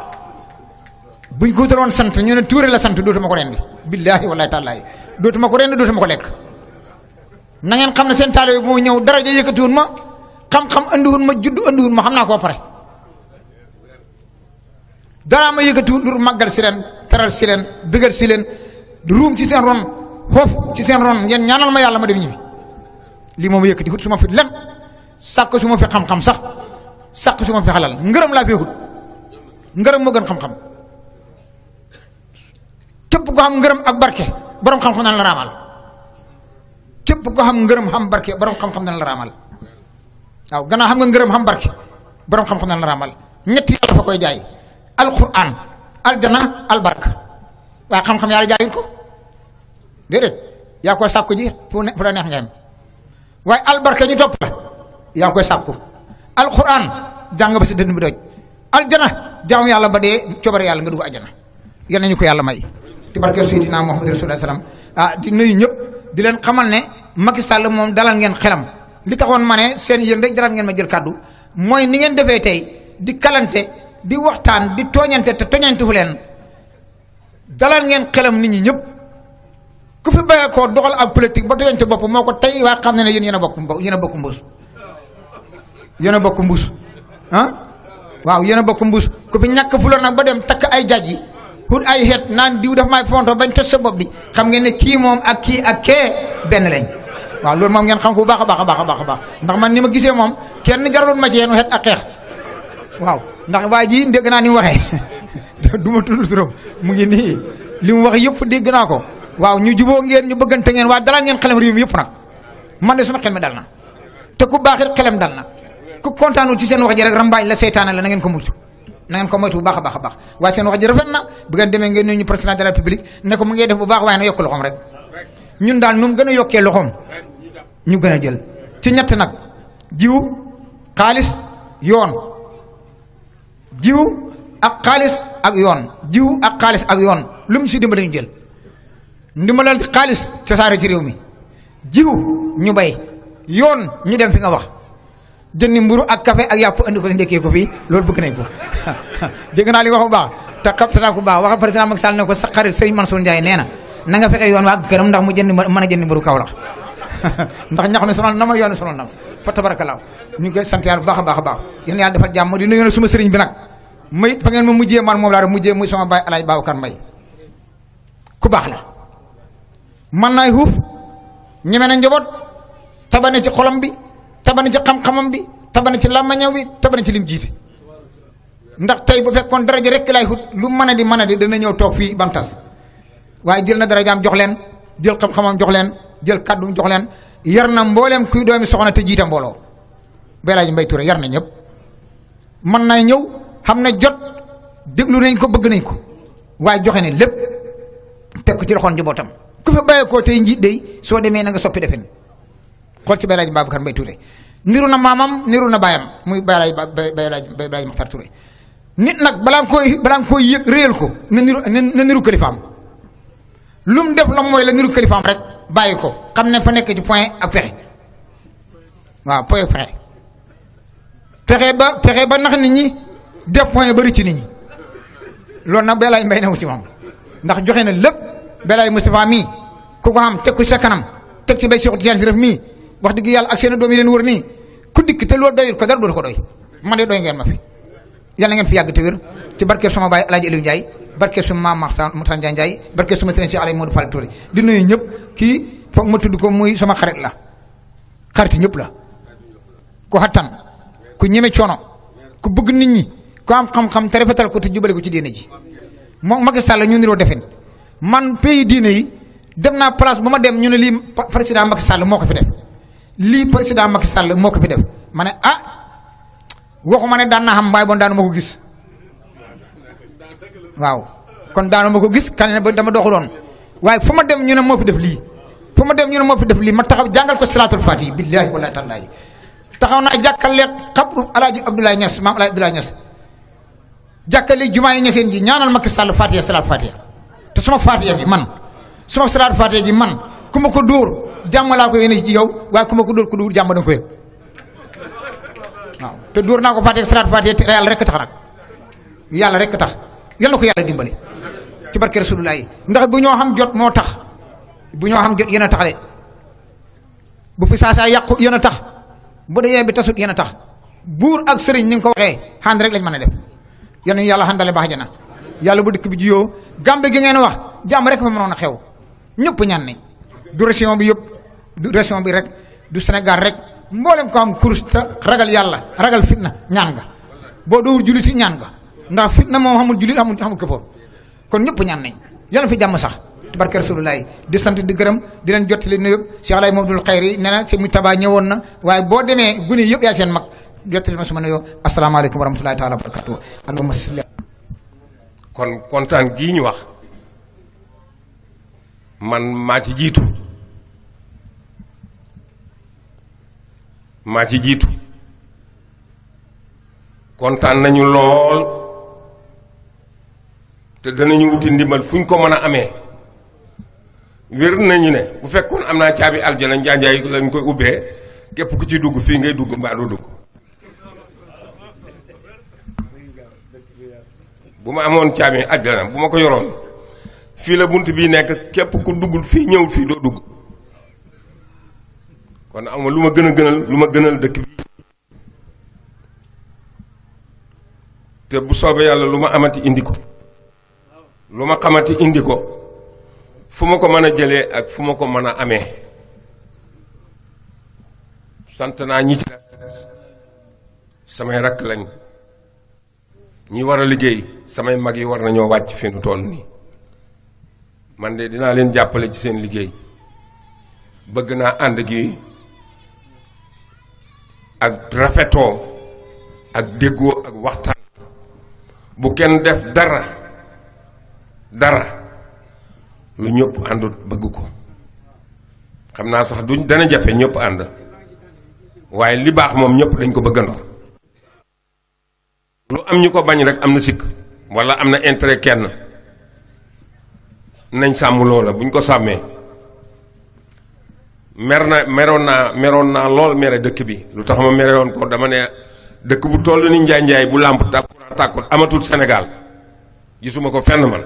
buñ ko doon sant ñu ne tuure la sant dootuma ko rendi billaahi wallaahi taalaahi dootuma ko rendi dootuma ko lekk na ngeen xam ne seen taalibe moo ma ñëw daraja yëkkatiwun ma xam-xam andiwun ma juddu andiwun ma xam naa koo pare daraa ma yëkkatiwul lu màggal si leen teral sileen leen bëggal si leen ruum ci seen ron xoof ci seen ron ngeen ñaanal ma yàlla ma dem ñibbi lii moom yëkkati xut su ma fi len sàkk su fi xam-xam sax sàkk su ma fi xalal ngërëm laa fee xut ngërëm moo gën xam-xam képp ko xam ngërëm ak barke borom xam-xam dana la raamal képp ko xam ngërëm xam barke borom xam-xam dana la raamal waaw gannaaw xam nga ngërëm xam barke borom xam-xam dana la raamal ñett yàlla fa koy jaay alquran aljana waa xam-xam yàlla jaayul ko déedéet yaa koy sàkku ji fu ne fu la neex nga waaye albarka ñu topp la yaa koy sàkku alquran jàng ba si dënn bi doj aljana jaamu yàlla ba dee coobare yàlla nga dugg aljana yal nañu ko yàlla may ci barke Seydina Muhammad a salaam ah di nuyu ñëpp di leen xamal ne Macky Sall moom dalal ngeen xelam li taxoon ma ne seen yéen de jaral ngeen ma jël kàddu mooy ni ngeen defee tey di kalante di waxtaan di tooñante te tooñante fu leen dalal ngeen xelam nit ñi ñëpp ku fi bàyyee koo doxal ak politique ba doyoon ci bopp moo ko tey waa xam ne ne yéen yéen bokk mbo yéen a bokk mbuus yéen ah? waaw yéen bokk mbuus ku fi ñàkk fuloon nag ba dem takk ay jaaj yi pour ay xeet naan diw daf may fonto bañ tës sa bopp bi xam ngeen ne kii moom ak kii ak kee benn waaw loolu moom ngeen xam ko bu baax a baax a baax a baax ndax man ni ma gisee moom kenn jaraloon ma ci yéen xeet ak xeex waaw ndax waa ji dégg naa ni mu waxee. du ma tudd mu ngi nii li mu wax yëpp dégg naa ko waaw ñu juboo ngeen ñu nte ngeen waa dalal ngeen xelam réew mi yëpp nag man de suma xel mi dal na te ku baaxit xelam dal na ku kontaanul ci seen wax ji rek rambaaj la seytaane la na ngeen ko mucc na ngeen ko moytu bu baax a baax a baax waaye seen wax ji rafet na bu ngeen demee ngeen ne ñu président de la république ne ko mu ngay def bu baax waaye na yokk loxoom rek ñun daal nu mu gën a yokkee loxoom ñu gën a jël ci ñett nag jiw xaalis yoon ak yoon jiw ak xaalis ak yoon lu mu si dimbali ñu jël ndimbalal xaalis cosaare ci réew mi jiw ñu bay yoon ñu dem fi nga wax jëndi mburu ak café ak yàpp andi ko ndekkee ko fii loolu bëgg nañ ko dégg naa li wax bu baax te xam naa ko bu baax wax président Macky Sall ne ko sa xarit Serigne Mansour Ndiaye nee na na nga fexe yoon waa këram ndax mu jënd mën a jënd mburu Kaolack ndax ñax mi sonal na ma yoon sonal na ma fa tabarakallaaw ñu koy sant yàlla bu baax a baax a baax yéen yàlla defal jàmm di nuyu suma sëriñ bi nag may fa ngeen ma mujjee man moom laa def mujjee mu sama baay alaaj Babacar Mbay ku baax la man naay xuuf ñeme na njaboot tabane ci xolam bi tabane ci xam-xamam bi tabane ci làmmañaw bi tabane ci lim jiite ndax tey bu fekkoon daraja rekk laay xut lu mën a di mën a di dana ñëw toog fii bantas waaye jël na darajaam jox leen jël xam-xamam jox leen jël kàddum jox leen yar na mbooleem kuy doomi soxna te jiite mbooloo belaaj mbay ture yar na ñëpp mën naa xam na jot déglu nañ ko bëgg nañ ko waaye joxe ne lépp teg ko ci loxoon njabootam ku fi bàyyeekoo tey njiit day soo demee na soppi defen xool ci Bayelaj Babacar Mbaye niru na maamam niru na baayam muy Bayelaj Bayelaj Bayelaj Makhtar Touré nit nag balaa nga koy balaa nga ko na niru na niru kalifaam lu def la mooy la niru kalifaam rek bàyyi ko xam ne fa nekk ci point ak pexe waaw point pexe pexe ba pexe ba nax nit ñi. def point bëri ci ni ñi loolu nag Belaye Mbaye newu ci moom ndax joxe na lépp Belaye Moustapha mii ku ko xam teg ko sa kanam teg si bay Cheikh Tidiane Chérif mii wax dëgg yàlla ak seen doom yi leen wër nii ku dikk te loolu doyul ko dara du ko doy man de doy ngeen ma fi yàlla ngeen fi yàgg te wér ci barkeel sama baay El Hadj Aliou Ndiaye barkeel sama maam Makhtar Moussa Ndiaye barkeel sama sëriñ si Alay Modou Fall Touré di nuyu ñëpp ki foog ma tudd ko muy sama xarit la xarit ñëpp la ku xattan ku ñeme bëgg nit ñi. ku am xam-xam te rafetal ko te jubale ko ci diine ji moom Macky Sall ñu niroo defin man pays diine yi dem naa place bu ma dem ñu ne lii président Macky Sall moo ko fi def lii président Macky Sall moo ko fi def ma ne ah ma ne daan naa xam mbaay bon daanu ko gis waaw kon daanu ma ko gis kan ba dama dox doon waaye foo ma dem ñu ne moo fi def lii fu ma dem ñu ne moo fi def lii ma taxaw jàngal ko salaatul faatihi billaahi wallaahi tallaahi taxaw naa jàkkaarloo xabru alaaji Abdoulaye Niass maam alaaji Abdoulaye Niass jàkkali jumaa yi ñeseen ji ñaanal Macky Sall Fatiha salaat Fatiha te suma Fatiha ji man suma salaad Fatiha ji man ku ma ko dóor jàmm ko yéene ci yow waaye ku ma ko ku dóor jàmm da nga ko yëg te dóor naa ko Fatiha salaat Fatiha te yàlla rek tax nag yàlla rek tax yàlla ko yàlla dimbali ci barke Rasulullah yi ndax bu ñoo xam jot moo tax bu ñoo xam jot yéen a tax de bu fi saa saa yàqut yéen a tax bu dee bi tasut yéen a tax buur ak sëriñ ni nga ko waxee xaan rek lañ mën a def. yal nañu yàlla xandale baax jana yàlla bu dëkk bi jiyoo gàmbe gi ngeen wax jàmm rek fa mënoon a xew ñëpp ñaan nañ du région bi yëpp du région bi rek du Sénégal rek mboolem ko am kurus te ragal yàlla ragal fitna ñaan nga boo doowul jullit si ñaan nga ndax fitna moom xamul jullit xamul xamul këfoor kon ñëpp ñaan nañ yàlla fi jàmm sax barke rasulullah di sant di gërëm di leen jottali nuyoo Cheikh Alay Mabdul Xayri nee na si mu tabaa ñëwoon na waaye boo demee gune yëpp yaa mag jottali ma su ma nuyoo asalaamaaleykum wa rahmatulahi taala wa barakatu allahumma salli kon kontaan gii ñu wax man maa ci jiitu maa ci jiitu kontaan nañu lool te danañu wuti ndimbal fu ñu ko mën a amee wér nañu ne bu fekkoon am naa caabi aljana njaanjaay lañ koy ubbee képp ku ci dugg fii ngay dugg mbaa doo dugg bu ma amoon caabi àjjana bu ma ko yoroon fii la bunt bi nekk képp ku duggul fii ñëwul fii doo dugg kon amul lu ma gën a gënal lu ma gënal dëkk bi te bu soobee yàlla lu ma amati indi ko lu ma xamati indi ko fu ma ko mën a jëlee ak fu ma ko mën a amee sant naa ñi ci samay rakk lañ ñi war a liggéey samay mag yi war nañoo wàcc fi nu toll nii man de dinaa leen jàppale ci seen liggéey bëgg naa ànd gi ak rafetoo ak déggoo ak waxtaan bu kenn def dara dara lu ñëpp àndut bëgg ko xam naa sax duñ dana jafe ñëpp ànd waaye li baax moom ñëpp dañ ko bëggandoo lu am ñu ko bañ rek am na sikk wala am na intérêt kenn nañ sàmm loola buñ ko sàmmee mer na meroon naa meroon naa lool mere dëkk bi lu tax ma mere woon ko dama ne dëkk bu toll ni njaay njaay bu làmp tàkku tàkkul amatul Sénégal gisuma ko fenn man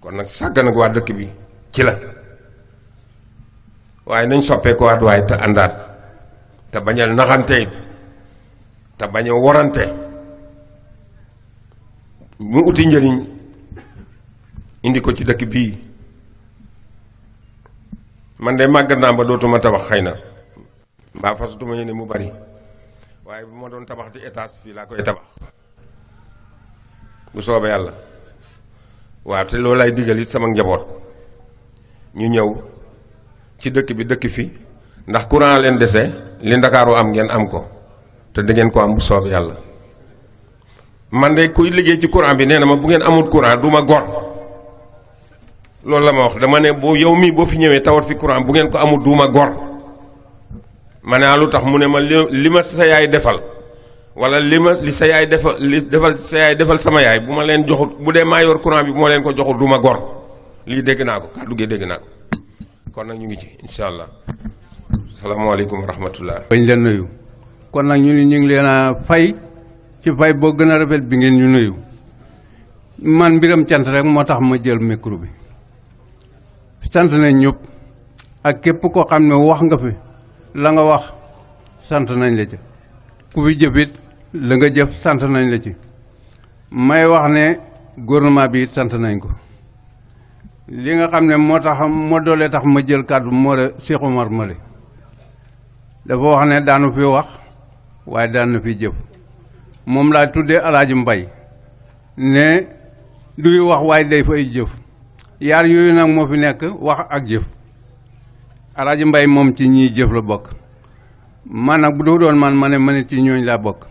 kon nag sàggan ak waa dëkk bi ci la waaye nañ soppee ko waat waaye te àndaat te bañal naxante te bañ warante mu uti njëriñ indi ko ci dëkk bii man de màggat naa ba dootuma tabax xëy na mbaa fasutuma yéene mu bari waaye bu ma doon tabax di étage fii laa koy tabax bu soobee yàlla waaw te loolu laay digal sama njaboot ñu ñëw ci dëkk bi dëkk fi ndax courant leen dese li ndakaaru am ngeen am ko te dangeen ko am bu soob yàlla man de kuy liggéey ci courant bi nee na ma bu ngeen amul courant du ma gor loolu la ma wax dama ne boo yow mii boo fi ñëwee tawat fi courant bu ngeen ko amul du gor ma ne ah, lu tax mu ne ma li ma sa yaay defal wala li ma li sa yaay defal li defal sa yaay defal sama yaay bu ma leen joxut bu dee maa yor courant bi bu ma leen ko joxut duma ma gor lii dégg naa ko kàddu gi dégg naa ko kon nag ñu ngi ci incha allah salaamaaleykum wa rahmatullah. bañ leen nuyu. kon nag ñu ñu ngi leen a fay ci fay boo gën a rafet bi ngeen ñu nuyu man mbiram cant rek moo tax ma jël micro bi sant nañ ñëpp ak képp koo xam ne wax nga fi la nga wax sant nañ la ci ku fi jëfit la nga jëf sant nañ la ci may wax ne gouvernement bi it sant nañ ko li nga xam ne moo tax moo doole tax ma jël kàddu moo re Cheikh Omar dafa wax ne daanu fi wax waaye daan na fi jëf moom laa tuddee alaaji mbay ne duy wax waaye day fay jëf yaar yooyu nag moo fi nekk wax ak jëf alaaju mbay moom ci ñiy jëf la bokk man nag bu doo doon man ma ne ma ci ñooñ laa bokk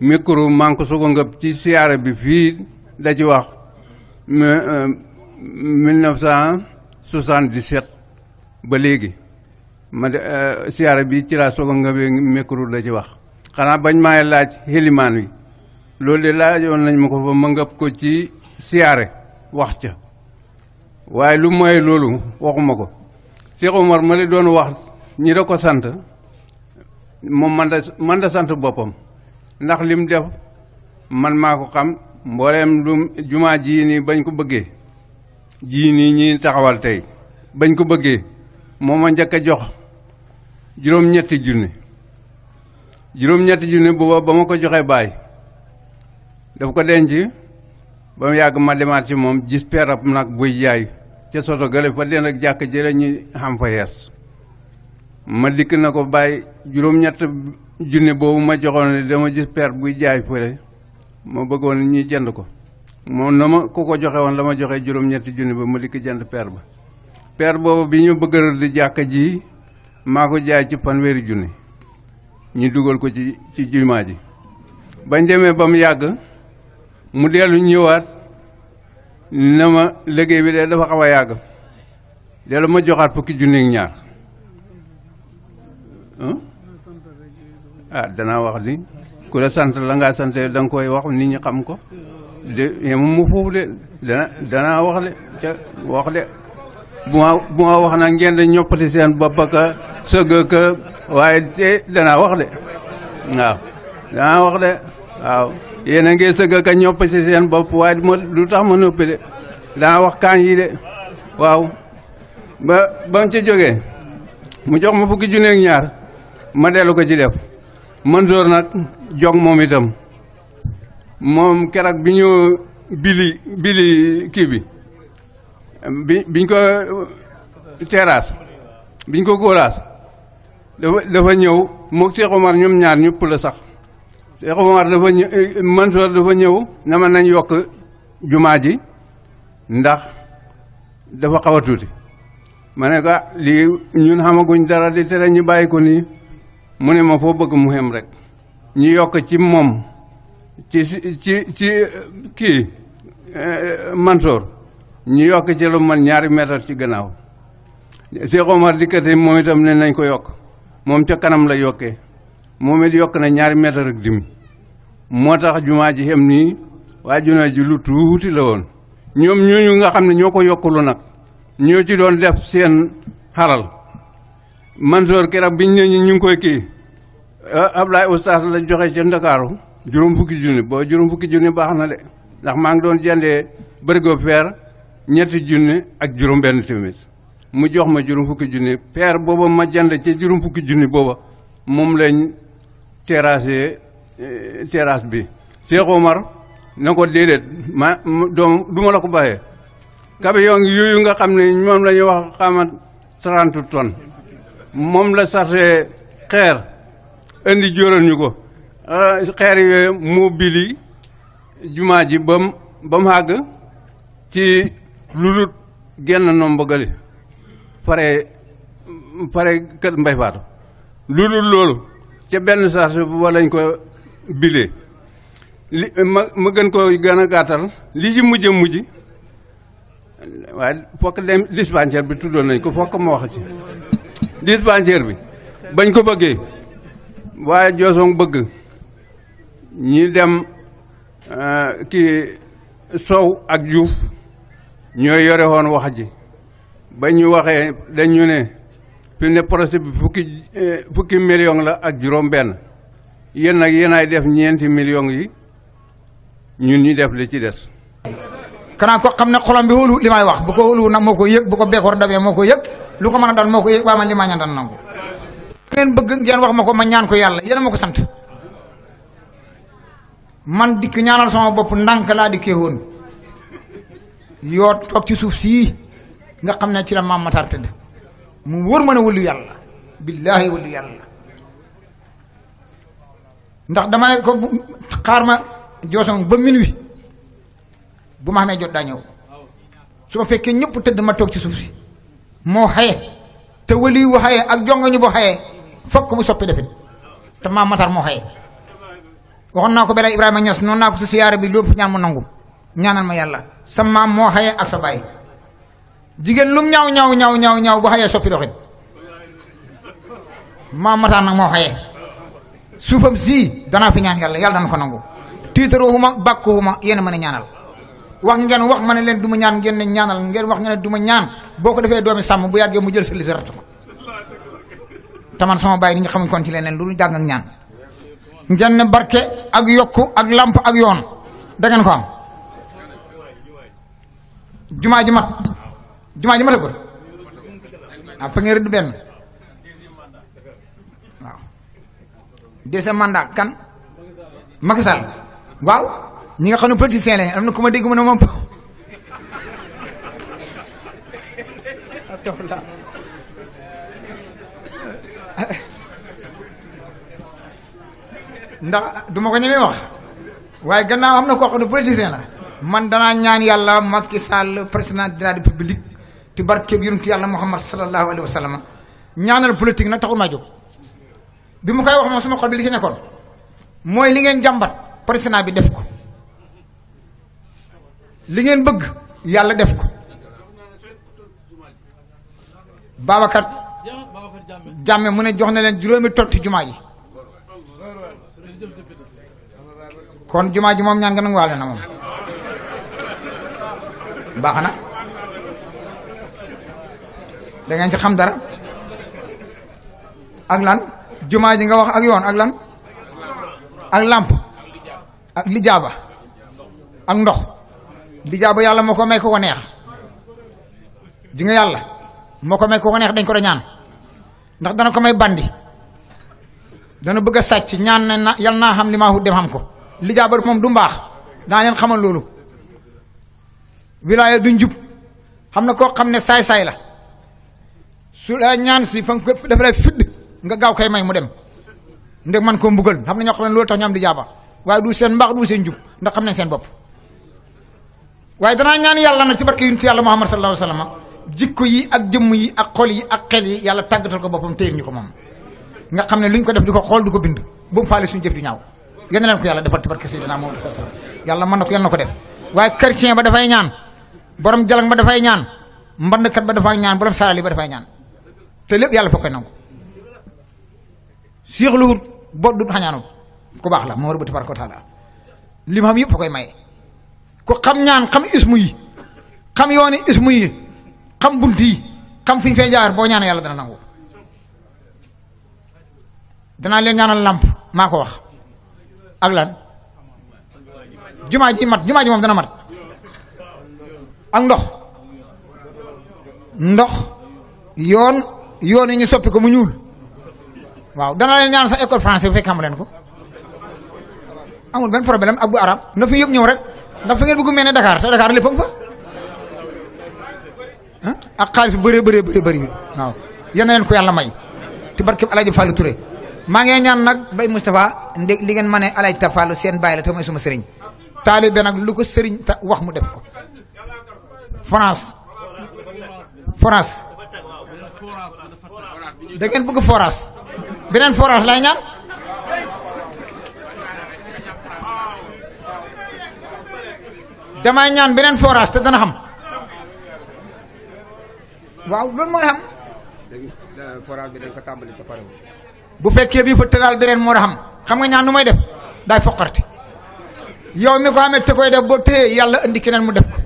micro maa ngi ngëb ci siyaare bi fii da ci wax euh, mille neuf cent soixante-dix-sept ba léegi ma euh, siyaare bi ci laa soog a ngëbee micro da ci wax xanaa bañ maay laaj xelimaan wi loolu de laajoon nañ ma ko fa ma ko ci siyaare wax ca waaye lu mooy loolu waxuma ko Cheikh Omar ma la doon wax ñi da ko sant moom man da sant boppam ndax lim mu def man maa ko xam mbooleem lu jumaa jii nii bañ ko bëggee jii nii ñi taxawal tey bañ ko bëggee moo ma njëkk a jox juróom-ñetti junni juróom-ñetti junni booba ba ma ko joxee baay daf ko denc ba mu yàgg ma demaat ci moom gis peerab nag buy jaay ca soto gële fa den ak jàkk jële ñu xam fa yees ma dikk na ko bàyyi juróom-ñett junni boobu ma joxoon dama gis peer buy jaay fële ma bëggoon ñuy jënd ko moom na ma ku ko joxe woon la ma joxe juróom-ñetti junni ba ma dikk jënd peer ba peer boobu bi ñu bëgg di jàkk ji maa ko jaay ci fanweeri junni ñu dugal ko ci ci jumaa ji bañ demee ba mu yàgg mu dellu ñëwaat na ma liggéey bi de dafa xaw yàgg dellu ma joxaat fukki junni ñaar ah danaa wax ni ku la sant la ngaa sant da nga koy wax nit ñi xam ko de moom mu foofu de danaa wax de ca wax de bu ma bu ma wax nag ngeen di ñoppati seen bopp ak sëgg ak waaye te danaa wax de waaw danaa wax de waaw yéen a ngi sëgg ka ñopp ci seen bopp waaye du ma lu tax ma noppi de danaa wax kaan yi de waaw ba ba mu ci jógee mu jox ma fukki junneeg ñaar ma dellu ko ci def Mansoor nag jog moom itam moom keroog bi ñu bili bili kii bi bi biñ ko terrasse biñ ko góoraas dafa dafa ñëw moog Cheikh Omar ñoom ñaar ñëpp la sax Cheikh Omar dafa ñëw eh, Mansour dafa ñëw na ma nañ yokk jumaa ji ndax dafa xaw a tuuti ma ne ko ah, lii ñun xamaguñ dara di tere ñu bàyyi ko nii mu ne ma foo bëgg mu xem rek ñu yokk ci moom ci ci ci kii eh, mansoor ñu yokk ci lu man ñaari mètre ci gannaaw Cheikh Omar dikkate moom itam ne nañ ko yokk moom ca kanam la yokke moom it yokk na ñaari mètre ak demi moo tax jumaa ji xem nii waa jumaa ji lu tuuti la woon ñoom ñooñu nga xam ne ñoo ko yokkulu nag ñoo ci doon def seen xalal Mansoor keroog biñ ne ñu ngi koy kii ah, Ablaay Oustaz la joxe ca Ndakaaru juróom fukki junni boo juróom fukki junni baax na de ndax maa ngi doon jëndee bërigo feer ñetti junni ak juróom benn tamit mu jox ma jurum fukki junni peer booba ma jënd ci jurum fukki junni booba moom lañ terrassé eh, terrasse bi Cheikh Omar na ko déedéet ma doom du la ko bàyyee camion yooyu nga xam ne moom la wax xamat trente tonnes moom la sartee xeer indi jóoral ñu ko ah, xeer yooyu moo bili jumaa ji bam ba mu àgg ci lulut genn nomba gali pare pare kër Mbay Faatu lu dul loolu ca benn saa su ba lañ ko bilee li ma ma gën ko gën a gàttal li ci mujj mujj waaye fokk dem dispensaire bi tuddoon nañ ko fokk ma wax ci dispensaire bi bañ ko bëggee waaye joosoon bëgg ñi dem euh, kii Sow ak Juuf ñoo yore woon wax ji ba ñu waxee dañu ne fi ne projet bi fukki eh, fukki million la ak juróom-benn yéen nag yéenaay def ñeenti million yi ñun ñu def la ci des. kanaa ko xam ne xolam bi wóolu li may wax bu ko wóolu nag moo ko yëg bu ko bekkoor dabee moo ko yëg lu ko mën a dal moo ko yëg waaye man li ma nangu. ngeen bëgg ngeen wax ma ko ma ñaan ko yàlla yéen ma ko sant man dikk ñaanal sama bopp ndànk laa dikkee woon yoo toog ci suuf sii. nga xam ne ci la maam Matar tëdd mu wóor ma ne wëllu yàlla billaahi wëllu yàlla ndax dama ne ko xaar ma jooson ba minuit bu ma xamee jot daa ñëw su ma fekkee ñëpp tëdd ma toog ci suuf si moo xaye te wëli wu xaye ak jongoñu bu xaye fokk mu soppi defit te maam Matar moo xaye waxoon naa ko bela Ibrahima Niass noonu naa ko si siyaare bi loolu fi ñaan mu nangu ñaanal ma yàlla sa maam moo xaye ak sa jigéen lu ñaaw ñaaw ñaw ñaw ñaw bu xayee soppi doxin maam mataan nag moo xayee suufam sii danaa fi ñaan yàlla yàlla dana ko nangu tiitaruwuma bàkkuwuma yéen a mën a ñaanal wax ngeen wax ma ne leen du ma ñaan ngeen ne ñaanal ngeen wax ngeen ne du ma ñaan boo ko defee doomi sàmm bu yàggee mu jël sa lisi ratt ko taman sama bàyyi ni nga xamuñ kon ci leneen lu jàng ak ñaan ngeen ne barke ak yokk ak làmp ak yoon da ko am jumaa ji jumaa ji matagul ah fa ngeen rëdd benn waaw deuxième mandat kan Macky Sall waaw ñi nga xam ne politicien lañ am na ku ma dégg mu ne moom ndax duma ko ñemee wax gannaaw am na koo xam ne la man danaa ñaan yàlla Macky Sall président de la République ci barkeeb yonent yàlla Muhammad sallallahu alayhi wa sallam ñaanal politique nag taxul maa jóg bi mu koy wax moom sama xol bi li ci nekkoon mooy li ngeen jàmbat président bi def ko li ngeen bëgg yàlla def ko baabakat Jàmme mu ne jox na leen juróomi tontu ci jumaa ji kon jumaa ji moom ñaan nga nanguwaale na moom baax na. da ngeen ci xam dara ak lan jumaa ji nga wax ak yoon ak lan ak làmp lijaaba ak ndox lijaaba yàlla moo ko may ko ko neex ji nga yàlla moo ko may ko ko neex dañ ko da ñaan ndax dana ko may bandi dana bëgg a sàcc ñaan ne na yal naa xam ni maa wut dem xam ko lijaaba moom du mbaax daa xam xamal loolu wilaaya du njub xam na koo xam ne saay-saay la su la ñaan si fa nga ko dafa fidd nga gaaw koy may mu dem ndeg man koo mbugal xam na ñoo xam ne loolu tax ñu am di jaaba waaye du seen mbaax du seen jub ndax xam nañ seen bopp waaye danaa ñaan yàlla na ci barke yonent yàlla Muhammad sallallahu alayhi wa sallam jikko yi ak jëmm yi ak xol yi ak xel yi yàlla tàggatal ko boppam téyel ñu ko moom nga xam ne lu ñu ko def di ko xool du ko bind bu mu faale suñu jëf ju ñaaw yal na leen ko yàlla defal ci barke Seydina Muhammad sallallahu alayhi wa ko def waaye chrétien ba dafay ñaan borom jalang ba dafay ñaan mbandkat ba dafay ñaan borom salali ba dafay ñaan te lépp yàlla fa koy nangu séexluwut bo du xañaanut ku baax la moom rëbb tabaraka wa taala li xam yëpp fa koy maye ku xam ñaan xam ismu yi xam yooni ismu yi xam bunt yi fee jaar boo ñaan yàlla dana nangu danaa leen ñaanal làmp maa ko wax ak jumaa ji mat jumaa ji moom dana mat ak ndox ndox yoon yoon yi ñu soppi ko mu ñuul waaw dana leen ñaan sax école français bu fekk xamu leen ko amul benn problème ak bu arab na fi yëpp ñëw rek ndax fi ngeen bëgg mel ne Dakar te Dakar lépp am fa ak xaalis bu bëree bëree bëree bëri waaw yal na leen ko yàlla may te barkeb El Hadj Fallou Touré maa ngi ñaan nag bay Moustapha ndé li ngeen ma ne El Hadj Fallou seen bàyyi la te mooy suma sëriñ taalibe nag lu ko sëriñ ta wax mu def ko France France. da ngeen bëgg beneen forage lay ñaan damay ñaan beneen forage te dana xam waaw loolu mooy xam. forage bi dañ ko tàmbali te pare bu fekkee bii fa tëral beneen moo da xam xam nga ñaan nu may def daay foqarti yow mi ko amee te koy def boo téye yàlla indi keneen mu def ko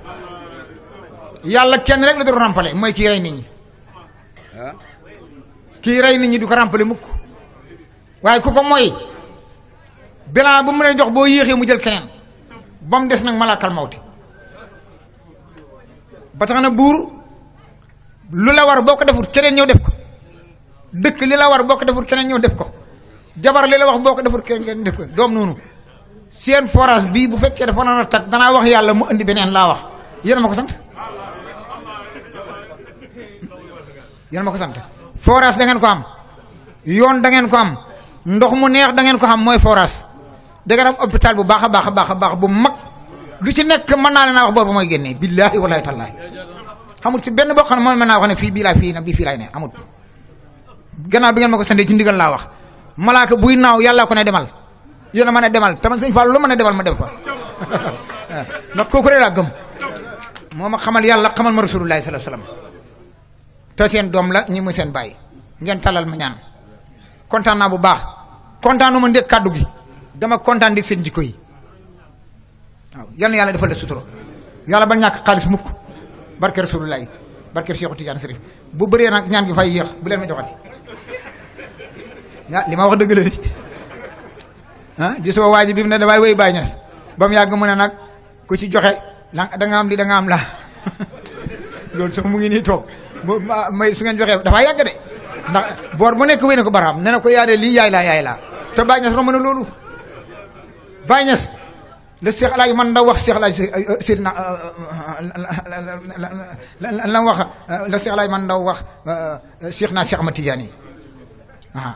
yàlla kenn rek la doon rampale mooy kii rey nit ñi. Ah? kii rey nit ñi du ko ràmpale mukk waaye ku ko mooy bilan bu mu lay jox boo yéexee mu jël keneen ba mu des nag malaakal mawti ba tax na buur lu la war boo ko defut keneen ñëw def ko dëkk li la war boo ko defut keneen ñëw def ko jabar li la wax boo ko defut keneen def ko doom noonu seen forage bi bu fekkee dafa noonu tag danaa wax yàlla mu indi beneen laa wax yéen ma ko sant yéen ma ko sant forage da ngeen ko am yoon da ngeen ko am ndox mu neex da ngeen ko am mooy forage da ngeen am hôpital bu baax a baax a baax a baax bu mag lu ci nekk mën naa leen a wax boobu mooy génnee billaahi wallaahi tallaahi xamul ci benn boo xam ne moom mën naa wax ne fii bii laa fii na bii fii laay ne amul gannaaw bi ngeen ma ko sandee ci ndigal laa wax malaaka buy naaw yàlla ko ne demal yéen a mën a demal taman sëñ Fall lu mën a demal ma def fa ndax kooku rek laa gëm moo ma xamal yàlla xamal ma rasulullahi sallallahu alayhi wasallam te seen doom la ñi muy seen bàyyi ngeen talal ma ñaan kontaan naa bu baax kontaan kontaanu ma ndég kàddu gi dama kontaan ndég seen jikko yi waaw yal yàlla defal la sutura yàlla ba ñàkk xaalis mukk barke rasulullah barke Cheikh Tidiane Serif bu bëree nag ñaan gi fay yéex bu leen ma joxati ah li ma wax dëgg la di ah gis nga ji bi mu ne damay wéy Baye Niass ba mu yàgg mu ne nag ku ci joxe da nga am li da am la loolu sax mu ngi nii toog. may su ngeen joxee dafaa yàgg de ndax mu nekk wéy na ko baraam ne ko yaadee lii yaay laa yaay laa te Baye Niass romb na loolu Baye la Cheikh Alaaji man da wax Cheikh Alaaji euh, euh, Seydina euh, la wax la man da wax Cheikh naa Cheikh yi ah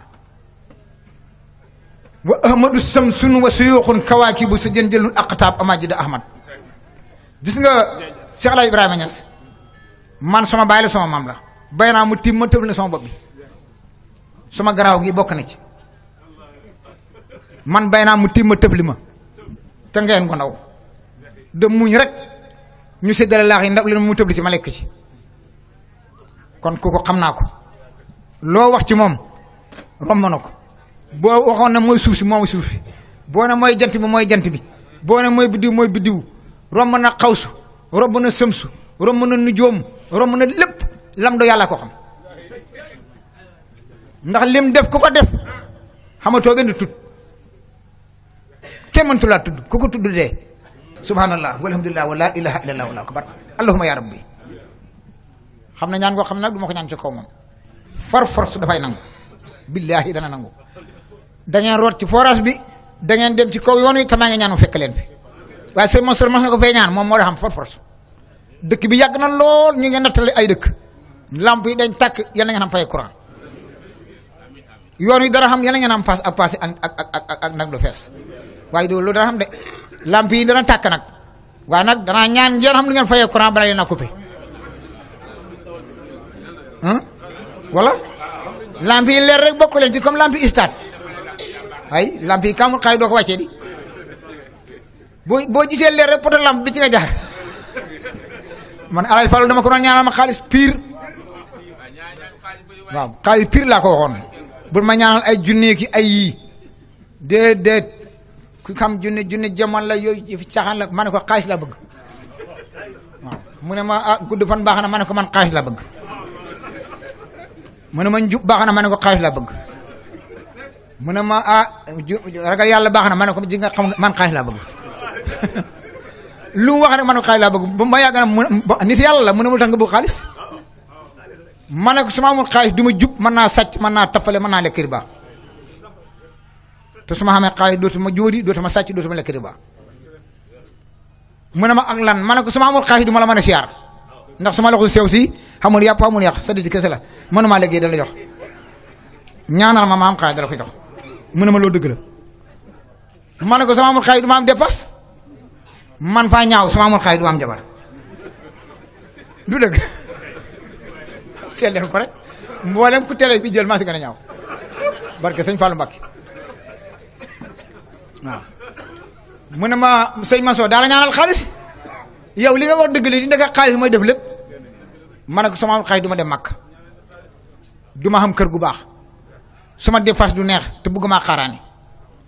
wa ahmadu samsun wa suyuxun kawaakibu sa jën jëlul ama amaajida ahmad gis nga Cheikh Alaaji Ibrahima Niass man sama baay la sama maam la bay naa mu tiim ma tëb na sama bopp bi sama garaaw gi bokk na ci man bay naa mu tiim ma tëb li ma te ngeen ko ndaw de muñ rek ñu séddale laax yi ndab leen mu tëb li ma lekk ci kon kooku xam naa ko loo wax ci moom romb na ko boo waxoon na mooy suuf si moomu suuf si boo ne mooy jant bi mooy jant bi boo ne mooy biddiw mooy biddiw romb na xawsu romb na sëmsu romb na nujoom romb na lépp lam do yàlla ko xam ndax lim def ko ko def xamatoo benn tudd kenn mëntu laa tudd ku ko tudd dee subhanallah walhamdulillah wala ilaha illallah wala akbar allahumma ya rabbi xam na ñaan koo xam nag du ma ko ñaan ci kaw moom far force dafay nangu billahi dana nangu da ngeen root ci forage bi da ngeen dem ci kaw yoon wi tamaa ngi ñaan mu fekk leen fi waaye seen monstre mas na ko fee ñaan moom moo la xam far force dëkk bi yàgg na lool ñu ngi nattale ay dëkk lamp yi dañ takk yal na ngeen am fay courant yoon wi dara xam yal na ngeen ak paas nag waaye loolu dara xam yi dana tàkk nag waaye nag danaa ñaan ngeen xam lu ngeen fayee courant balaa leen a coupé wala lamp yi leer rek bokk leen ci comme lamp yi stade ay lamp yi kam xay doo ko wàccee di boo boo gisee leer rek poto lamp bi ci nga jaar. man alaaj Fallou dama ko doon ñaanal ma xaalis piir waaw piir pire laa ko ma ñaanal ay junne ki ay yii déedéet ku xam junne junne jamono la yooyu caaxaan la ma ne ko xaalis laa bëgg waaw mu ne ma ah gudd fan baax na ma ne ko man xaalis la bëgg mu ne ma njub baax na ma ne ko xaalis laa bëgg mu ne ma ah ragal yàlla baax na ma ne ko ji nga xam man xaalis laa bëgg. lu mu wax rek man xaalis laa bëgg ba a yàgg na nit la mu ne ma nga bëgg xaalis ma ne ko su ma amul xaalis du jub mën naa sàcc man naa tappale man naa lekk riba te su ma xamee xaalis dootuma jóodi dootuma sàcc dootuma lekk riba mu ne ma ak lan ma ne ko su ma amul xaalis du ma la mën a siyaar ndax su ma la ko sew si xamul yàpp xamul yàq sa di kese la mënuma léegi dala jox ñaanal ma ma am xaalis dala ko jox mu ne ma loo dëgg la ma ne ko sama amul xaalis du am dépasse man faa ñaaw su ma amoon xaay du am jabar du dëgg seet leen ko rek mboolem ku télé bi jël maa si gën a ñaaw barke sëñ Fallou Mbacké waa mu ne ma sëñ Mansour daal la ñaanal xaalis yow li nga wax dëgg la di ndeka xaalis mooy def lépp man ak sama xay duma ma dem màkk du ma xam kër gu baax su ma dépasse du neex te bëgg maa xaaraani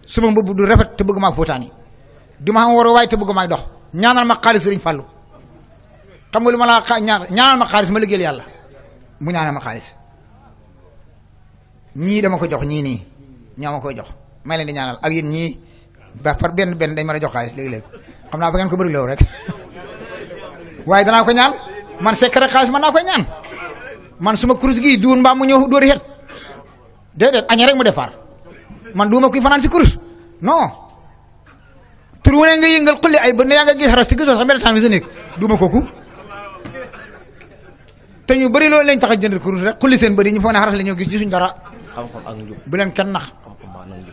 su ma du rafet te ma maa fóotaani di ma xam war waaye te bëgg may dox ñaanal ma xaalis sëriñ fàllu xam nga lu ma laa ñaanal ma xaalis ma liggéeyal yàlla mu ñaanal ma xaalis ñii dama ko jox ñii nii ñoo ma koy jox may leen di ñaanal ak yéen ñii ba par benn benn dañ mën a jox xaalis léegi-léegi xam naa ba ngeen ko bëri loolu rek waaye danaa ko ñaan man secret xaalis man naa koy ñaan man suma kurus gi duun mbaa mu ñëw dóori xet déedéet añee rek mu départ man duuma kuy fanaan si kurus non tur wu ne nga yëngal xulli ay bët ne yaa nga gis xaras te gisoo sax benn tànn bi sa nekk duuma kooku te ñu bari loolu lañ tax a jënd kurus rek xulli seen bëri ñu foog ne xaras la ñoo gis gisuñ dara. xam-xam ak njub bu leen kenn nax.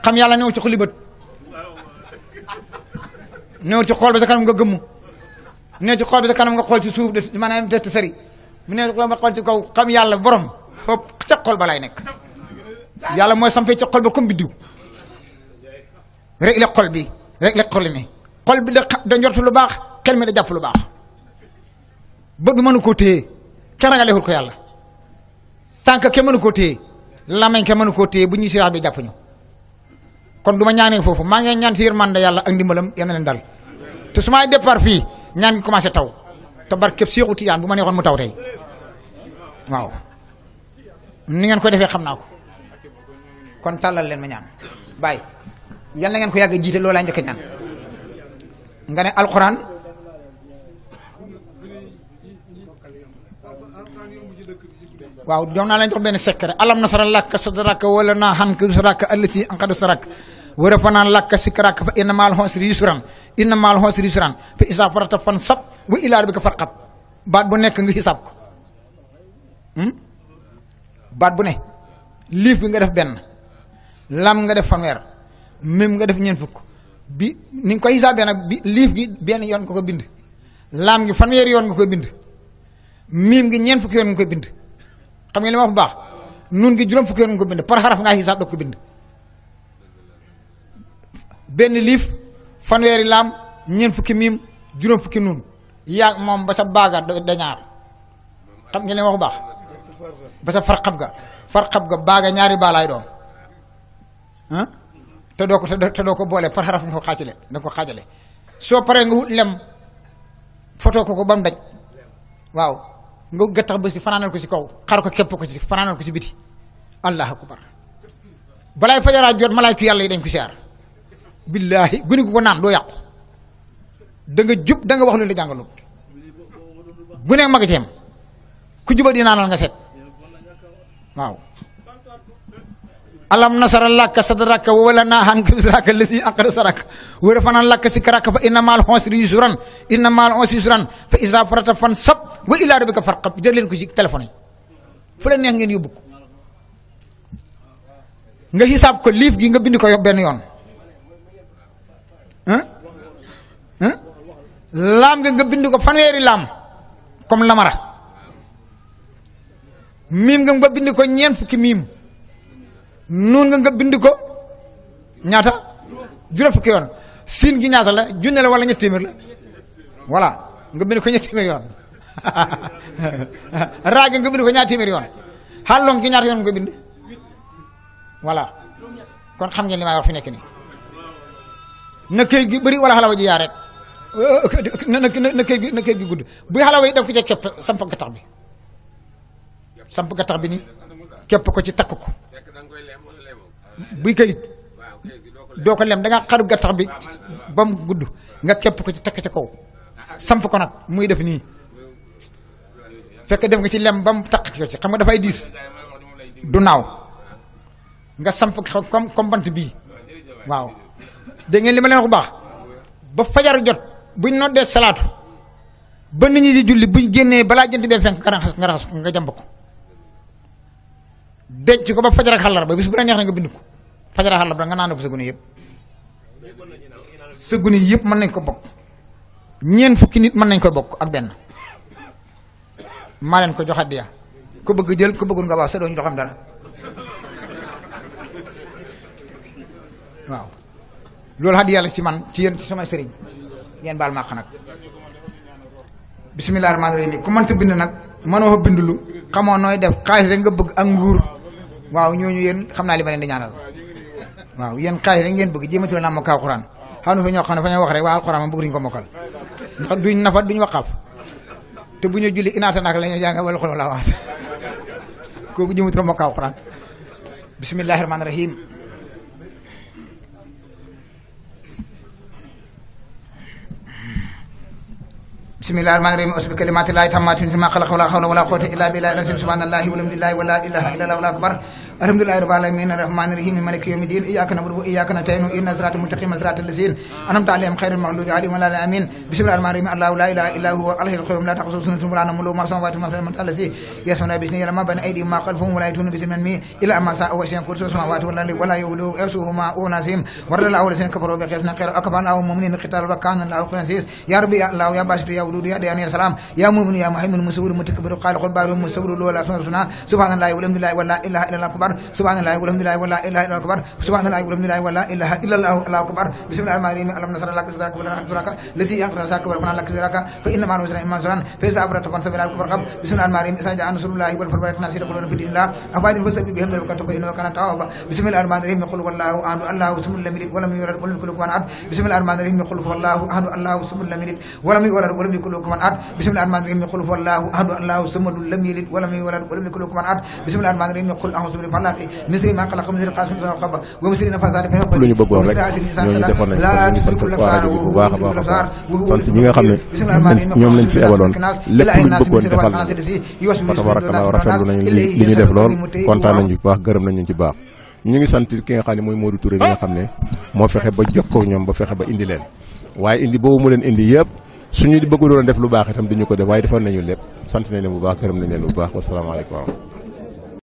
xam yàlla ñëw ci xulli bët ci xool ba sa kanam nga gëmm ñëw ci xool ba sa kanam nga xool ci suuf de maanaam te sëri mu ne ma xool ci kaw xam yàlla borom foofu ca xol ba lay nekk yàlla mooy samfee ci xol ba bi diw rek la xol bi. rek la xol mi xol bi da da njort lu baax xel mi da jàpp lu baax bët bi mënu koo téye kenn ragalewul ko yàlla tànk ke mënu koo téye lamañ ke mënu koo téye bu ñuy si wax bi jàppuñu kon du ma ñaanee foofu maa ngi ñaan si yërmande yàlla ak ndimbalam yal na leen dal te su may départ fii ñaan ngi commencé taw te bar képp Seexu Tijaan bu ma neexoon mu taw tey waaw ni ngeen ko defee xam naa ko kon tàllal leen ma ñaan yal na ngeen ko yàgg jiite loolaa njëkk ñaan nga ne alxuraan waaw doon naa leen jox benn secret alam nasara làkk sadraka wala naa xank saraka allati anqad sarak wara fanaan làkk sikraka fa inna maal xonsri yusuran inna maal xonsri yusuran fa isa farata fan sab wa ilaa rabbika farqab baat bu nekk nga xisaab ko hmm? baat bu ne liif bi nga def benn lam nga def fanweer même nga def ñeent fukk bi ni koy xisaabee nag bi liif gi benn yoon nga ko bind laam gi fanweeri yoon nga koy bind miim gi ñeent fukki yoon nga koy bind xam nga li ma bu baax nun gi juróom ko bind par xaraf ngaa ko bind benn liif fanweeri laam ñeent juróom fukki nun moom ba sa baaga dañaar xam nga li ma wax bu baax ba sa ga baaga ñaari baalaay doon te doo ko te doo ko boole par xaraf nga ko xaajale nga ko xaajale soo paree nga wut lem fotoo ko ko ba mu daj waaw nga gattax ba si fanaanal ko si kaw xar ko képp ko si fanaanal ko si biti allah akbar balaay fajaraa jot malaayku yàlla yi dañ ko siyaar billaahi guni ko ko naan doo yàqu da nga jub da wax lu la jàngalul gu ne mag ceem ku juba di naanal nga set waaw alam nasara laka sadraka wa wada'na anka wizraka allazi anqada zaraka wa rafa'na laka zikraka fa inna ma'al usri yusran inna ma'al usri yusran fa iza faragta fansab wa ila rabbika farghab jël leen ko ci téléphone yi fu la neex ngeen yóbbu ko nga xisaab ko liif gi nga bind ko benn yoon laam nga nga bind ko fanweeri laam comme lamara miim nga nga bind ko ñeent fukki miim nuun nga nga bind ko ñaata juróom fukki yoon siin gi ñaata la junne la wala ñetti téeméer la voilà nga bind ko ñetti téeméer yoon raa nga bind ko ñaar téeméer yoon xàlloon gi ñaata yoon nga bind voilà kon xam ngeen li wax fi nekk nii na këyit gi bari wala xalawa ji yaa rek na na na këyit gi na këyit gi gudd buy xalawa yi def ko ca képp gattax bi samp gattax bi nii képp ko ci takk ko buy kayit doo ko lem da nga xaru gattax bi ba mu gudd nga képp ko ci takk ca kaw samp ko nag muy def nii fekk def nga ci lem ba mu takk ko ci xam nga dafay diis du naaw nga samp comme comme bant bii waaw dégg ngeen li ma leen wax bu baax ba fajar jot buñ noddee salaatu ba nit ñi di julli buñ génnee balaa jënt bee fenk nga raxas nga raxas nga jàmb ko decc ko ba fajar ak xàllar ba bis neex na nga bind ko fajar ba nga naan ko sa gune yëpp sa gune yëpp mën nañ ko bokk ñeent fukki nit mën nañ ko bokk ak benn maa leen ko jox addiya ku bëgg jël ku bëggul nga baax sa dooñu dara waaw loolu addiya la ci man ci yéen ci sama sëriñ ngeen baal màq nag bisimilah rahmaani rahiim ku mënta bind nag mënoo fa bind lu xamoo nooy def xaalis rek nga bëgg ak nguur waaw ñooñu yéen xam naa li ma leen di ñaanal waaw yéen xaalis rek ngeen bëgg jéematu leen am mokk alxuraan xam na fa ñoo xam ne fa ñoo wax rek waa alxuraan moom bëgg ñu ko mokkal ndax duñ nafa duñ waxaaf te bu ñu julli inaata naak la ñu jàng ko xolo la waat kooku jéematu la mokk alxuraan bismillahi rahmaani rahim bismillahi rahmani rahim ausbi kalimatillahi tammatin sima xalaqa wala hawla wala quwwata illa billahi subhanallahi walhamdulillahi wala ilaha illallah wala akbar alhamdulillahi rabbil alamin arrahmanir rahim maliki yawmid din iyyaka na'budu wa iyyaka nasta'in ihdinas siratal mustaqim siratal ladzina an'amta alaihim ghayril maghdubi alaihim walal amin bismillahir rahmanir rahim allahu la ilaha illa huwa al-hayyul qayyum la ta'khudhuhu sinatun wa la nawm lahu ma fis samawati wa ma fil ardi allazi yasma'u bi'idhnihi ya'lamu ma bayna aydihim wa ma khalfahum wa la yuhituna bi shay'in min illa ma sha'a wa yasma'u kursiyyuhu samawati wal ardi wa la ya'uduhu hifdhuhuma wa huwa al-'aliyyul 'azim wa radda Allahu allazina kafaru bi khayrin khayran akbana lahum mu'minina qital wa kana Allahu qawiyyan 'aziz ya rabbi ya allah ya basitu ya wududu ya dayyan ya salam ya mu'min ya muhaymin musawwir mutakbir qala qul ba'du musawwir lawla sunna subhanallahi walhamdulillahi wa la ilaha illa allah akbar subhanallahi walhamdulillahi wala ilaha illallah akbar subhanallahi walhamdulillahi wala ilaha illallah allahu akbar bismillahir rahmanir rahim alam nasra lak sadrak wala ansuraka lazi yanqura sak wa qana lak sadrak fa inna ma'al usri imman suran fa sa abrat kon sabira akbar qab bismillahir rahmanir rahim isa ja'a nasrullahi wal farbarat nasira quluna fi dinillah afadil fasabi bihamdil wakatu inna kana tawaba bismillahir rahmanir rahim qul wallahu ahad allahu samad lam yalid wa lam yulad wa lam yakul lahu ahad bismillahir rahmanir rahim qul wallahu ahad allahu samad lam yalid wa lam yulad wa lam yakul lahu ahad bismillahir rahmanir rahim qul wallahu ahad allahu samad lam yalid wa lam yulad wa lam yakul lahu ahad bismillahir rahmanir rahim qul a'udhu falaqi misri ma xalaqa misri xaasim sa lu ñu bëggoon rek ñooñu defoon nañ ko ñu sant waa rajo bi bu baax a baax a baax sant ñi nga xam ne ñoom lañ fi ebaloon lépp luñ bëggoon defal fa tabarakallah rafetlu nañu li ñu def lool kontaan nañu bu baax gërëm nañu ci baax ñu ngi sant ki nga xam ne mooy Modou Touré bi nga xam ne moo fexe ba jokkoo ñoom ba fexe ba indi leen waaye indi boobu mu leen indi yëpp suñu bëgg doon def lu baax itam duñu ko def waaye defal nañu lépp sant nañ leen bu baax gërëm nañ leen bu baax wasalaamaaleykum